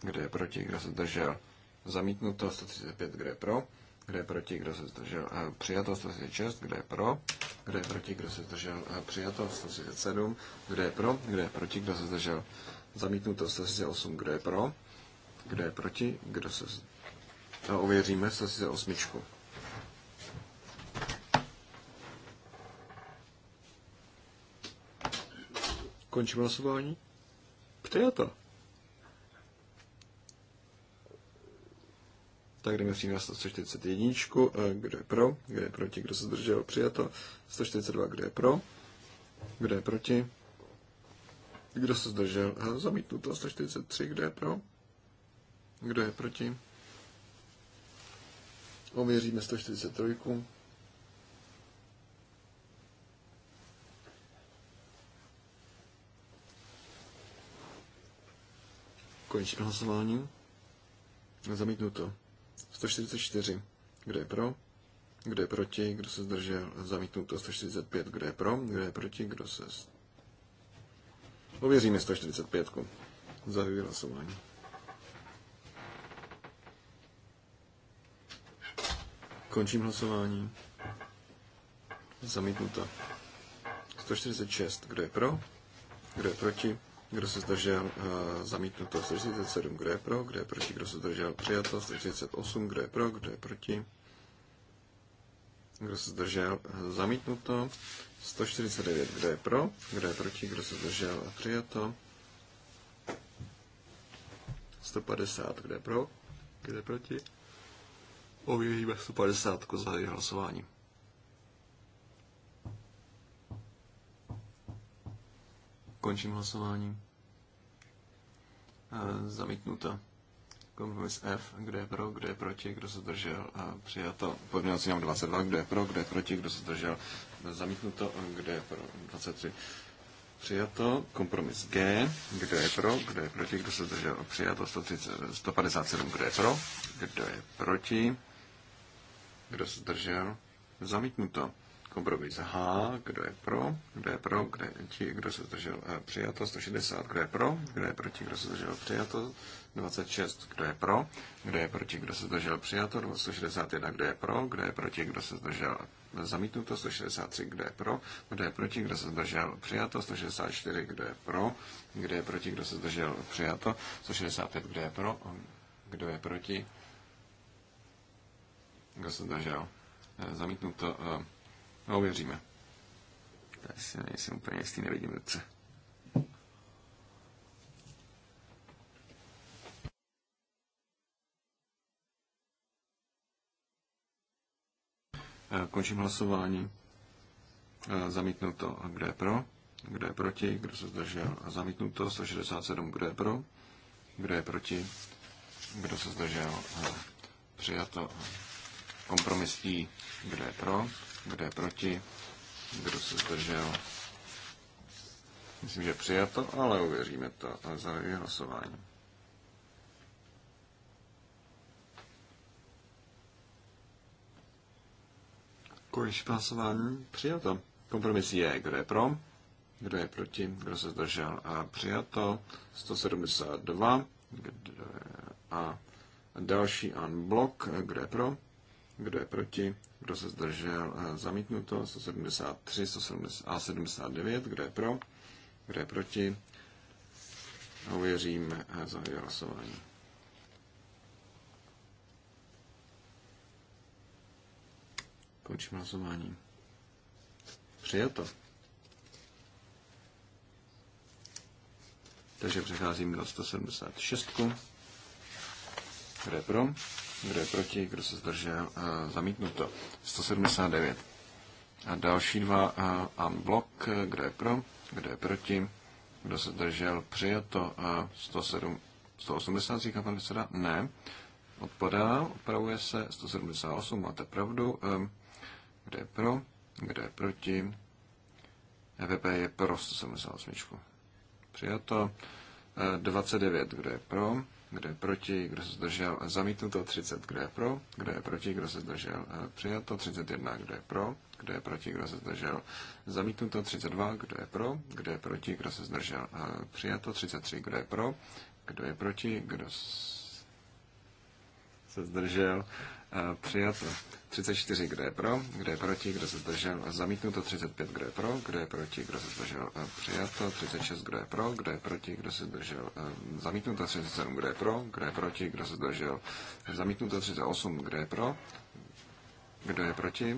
Speaker 1: Kdo je proti, kdo se zdržel? Zamítnuto 135. Kdo je pro? Kdo je proti, kdo se zdržel? Přijato 136. Kdo je pro? Kdo je proti, kdo se zdržel? Přijato 137. Kdo je pro? Kdo je proti, kdo se zdržel? Zamítnuto 138. Kdo je pro? Kdo je proti, kdo se zdržel? Ověříme 138. Končím hlasování. to? Tak jdeme přímo na 141. Eh, kdo je pro? Kdo je proti? Kdo se zdržel? Přijato. 142. Kdo je pro? Kdo je proti? Kdo se zdržel? Eh, zamítnuto. 143. Kdo je pro? Kdo je proti? Ověříme 143. Končím hlasování. Zamítnuto. 144. Kdo je pro? Kdo je proti? Kdo se zdržel? Zamítnuto. 145. Kdo je pro? Kdo je proti? Kdo se... Ověříme 145. Zahajuji hlasování. Končím hlasování. Zamítnuto. 146. Kdo je pro? Kdo je proti? Kdo se zdržel? Eh, zamítnuto 47. Kdo je pro? Kdo je proti? Kdo se zdržel? Přijato 48. Kdo je pro? Kdo je proti? Kdo se zdržel? Eh, zamítnuto 149. Kdo je pro? Kdo je proti? Kdo se zdržel? Přijato 150. Kdo je
Speaker 3: pro? Kdo je proti? Ověříme
Speaker 1: 150. Zahajuji hlasování. Končím hlasování. E, zamítnuto. Kompromis F, kdo je pro, kdo je proti, kdo se zdržel, přijato. Pozměňovací nám 22, kdo je pro, kdo je proti, kdo se zdržel, zamítnuto, kdo je pro, 23. Přijato. Kompromis G. Kdo je pro? Kdo je proti? Kdo se zdržel? Přijato. 130, 157. Kdo je pro? Kdo je proti? Kdo se zdržel? Zamítnuto. Kompromis H, kdo je pro, kdo je pro, kdo je ti, kdo se zdržel přijato, 160, kdo je pro, kdo je proti, kdo se zdržel přijato, 26, kdo je pro, kdo je proti, kdo se zdržel přijato, 161, kdo je pro, kdo je proti, kdo se zdržel zamítnuto, 163, kdo je pro, kdo je proti, kdo se zdržel přijato, 164, kdo je pro, kdo je proti, kdo se zdržel přijato, 165, kdo je pro, kdo je proti, kdo se zdržel zamítnuto, No, uvěříme. Tady si nejsem úplně jistý, nevidím ruce. Eh, končím hlasování. Eh, Zamítnuto. Kdo je pro? Kdo je proti? Kdo se zdržel? Zamítnuto. 167. Kdo je pro? Kdo je proti? Kdo se zdržel? Eh, přijato. Kompromisní, Kdo je pro? Kdo je proti? Kdo se zdržel? Myslím, že přijato, ale uvěříme to. Zahajuji hlasování. Končí hlasování. Přijato. Kompromis je, kdo je pro, kdo je proti, kdo se zdržel a přijato. 172 kdo je, a další unblock, kdo je pro, kdo je proti? Kdo se zdržel? Eh, Zamítnuto. 173 170, a 79. Kdo je pro? Kdo je proti? uvěřím, eh, zahajuji hlasování. Končím hlasování. Přijato. Takže přecházím do 176. Kde je pro? Kdo je proti? Kdo se zdržel? Eh, zamítnuto. 179. A další dva eh, unblock. Kdo je pro? Kdo je proti? Kdo se zdržel? Přijato. 107, eh, 180, říká pan Ne. Odpadá. Opravuje se. 178. Máte pravdu. Kdo je pro? Kdo je proti? EVP je pro 178. Přijato. 29. Kdo je pro? kdo je proti, kdo se zdržel, zamítnuto 30, kdo je pro, kdo je proti, kdo se zdržel, eh, přijato 31, kdo je pro, kdo je proti, kdo se zdržel, zamítnuto 32, kdo je pro, kdo je proti, kdo se zdržel, eh, přijato 33, kdo je pro, kdo je proti, kdo se zdržel, Přijato. 34, kdo je pro, kdo je proti, kdo se zdržel, zamítnuto 35, kdo je pro, kdo je proti, kdo se zdržel, přijato 36, kdo je pro, kdo je proti, kdo se zdržel, zamítnuto 37, kdo je pro, kdo je proti, kdo se zdržel, zamítnuto 38, kdo je pro, kdo je proti.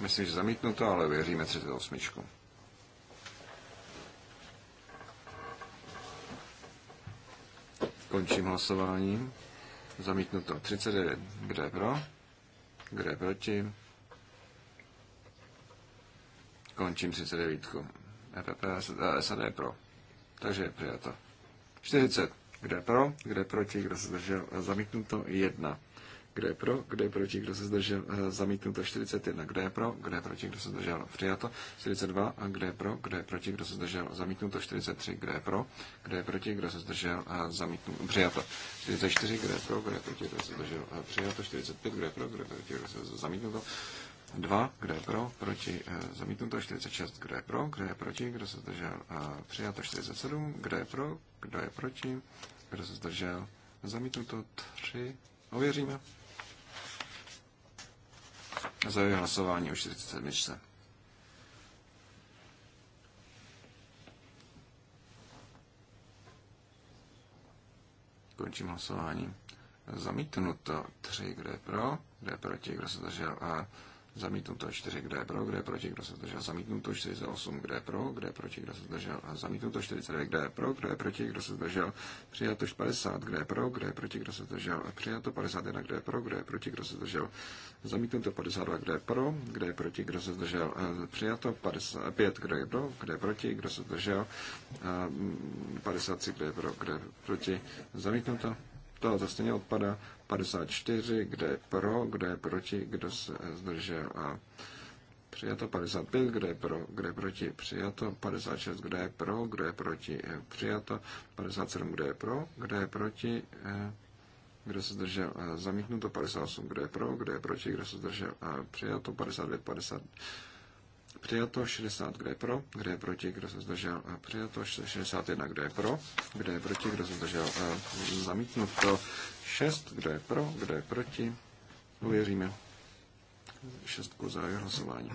Speaker 1: Myslím, že zamítnuto, ale věříme 38. Končím hlasování. Zamítnuto 39. Kdo je pro? Kdo je proti? Končím 39. EPP a SAD pro. Takže je přijato. 40. Kdo je pro? Kdo je proti? Kdo se zdržel? Zamítnuto 1. Kdo je pro, kdo je proti, kdo se zdržel, eh, zamítnuto 41, kdo je pro, kdo je proti, kdo se zdržel, přijato 42, a kdo je pro, kdo je proti, kdo se zdržel, zamítnuto 43, kdo je pro, kdo je proti, kdo se zdržel, zamítnuto, přijato eh, 44, kdo je pro, kdo je proti, kdo se zdržel, eh, přijato 45, kdo je pro, kdo je proti, kdo se zamítnuto 2, kdo je pro, proti, zamítnuto 46, kdo je pro, kdo je proti, kdo se zdržel, přijato 47, kdo je pro, kdo je proti, kdo se zdržel, zamítnuto 3, ověříme. Zahajuji hlasování o 47. Končím hlasování. Zamítnuto Tři, kdo je pro, kdo je proti, kdo se zdržel a Zamítnuto 4, kdo je pro, kdo je proti, kdo se zdržel. Zamítnuto 48, kdo je pro, kdo je proti, kdo se zdržel. Zamítnuto 49, kdo je pro, kdo je proti, kdo se zdržel. Přijato 50, kdo je pro, kdo je proti, kdo se zdržel. Přijato 51, kdo je pro, kdo je proti, kdo se zdržel. Zamítnuto 52, kdo je pro, kdo je proti, kdo se zdržel. Přijato 55, kdo je pro, kdo je proti, kdo se zdržel. 53, kdo je pro, kdo je proti. Zamítnuto. To, zase stejně odpada. 54, kde je pro, kde je proti, kdo se zdržel a přijato 55, kdo je pro, kdo je proti, přijato 56, kdo je pro, kdo je proti, přijato 57, kdo je pro, kdo je proti, kdo se zdržel, zamítnuto 58, kdo je pro, kdo je proti, kdo se zdržel, přijato 59, 50, Přijato 60, kdo je pro, kdo je proti, kdo se zdržel, přijato 61, kdo je pro, kdo je proti, kdo se zdržel, zamítnuto 6. Kdo je pro, kdo je proti? Uvěříme. Šestku za hlasování.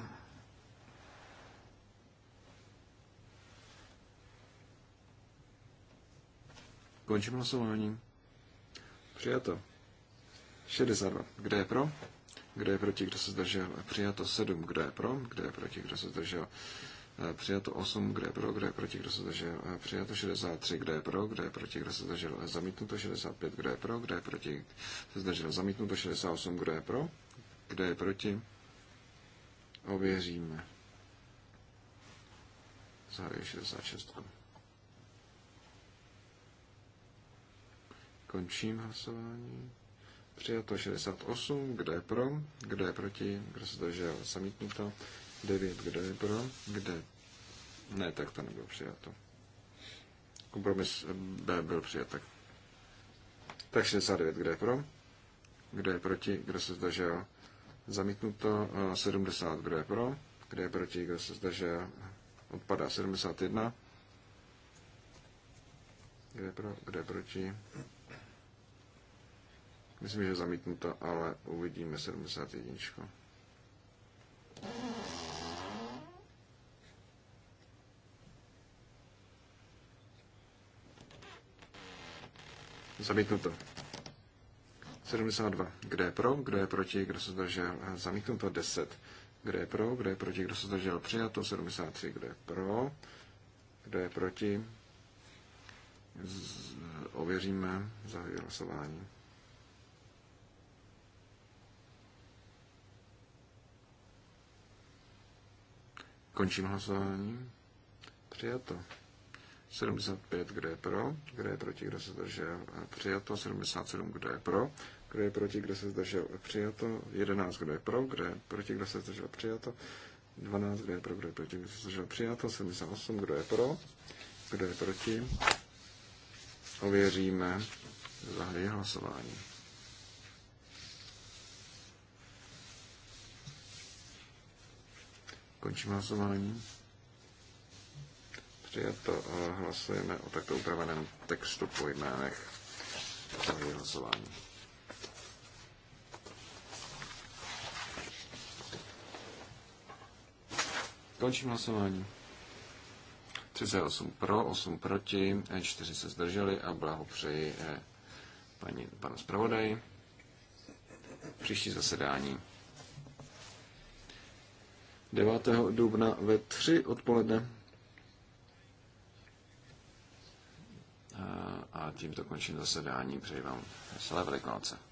Speaker 1: Končím hlasování. Přijato. 62. Kdo je pro? Kdo je proti? Kdo se zdržel? Přijato 7. Kdo je pro? Kdo je proti? Kdo se zdržel? Přijato 8, kde je pro, kde je proti, kdo se zdržel. Přijato 63, kde je pro, kde je proti, kdo se zdržel. Zamítnuto 65, kde je pro, kde je proti, kdo se zdržel. Zamítnuto 68, kde je pro, kde je proti. Ověříme. Zahajuji 66. Končím hlasování. Přijato 68, kde je pro, kde je proti, kdo se zdržel, zamítnuto. 9, kdo je pro, kde? Ne, tak to nebylo přijato. Kompromis B byl přijat, tak. Tak 69, kde je pro, kde je proti, kdo se zdržel. Zamítnuto 70, eh, kdo je pro, kde je proti, kdo se zdržel. Odpadá 71. Kde je pro, kde je proti. Myslím, že zamítnuto, ale uvidíme 71. Zamítnuto. 72. Kdo je pro, kdo je proti, kdo se zdržel? Zamítnuto 10. Kdo je pro, kdo je proti, kdo se zdržel? Přijato 73. Kdo je pro, kdo je proti? Z, ověříme za hlasování. Končím hlasování. Přijato. 75, kdo je pro, kdo je proti, kdo se zdržel, přijato, 77, kdo je pro, kdo je proti, kdo se zdržel, přijato, 11, kdo je pro, kdo je proti, kdo se zdržel, přijato, 12, kdo je pro, kdo je proti, kdo se zdržel, přijato, 78, kdo je pro, kdo je proti, ověříme, zahají hlasování. Končím hlasování přijato. Prostě eh, hlasujeme o takto upraveném textu po jménech. Zahajuji hlasování. Končím hlasování. 38 pro, 8 proti, 4 eh, se zdrželi a blahopřeji eh, paní, panu zpravodaji. Příští zasedání 9. dubna ve 3 odpoledne. a tímto končím zasedání. Přeji vám veselé velikonoce.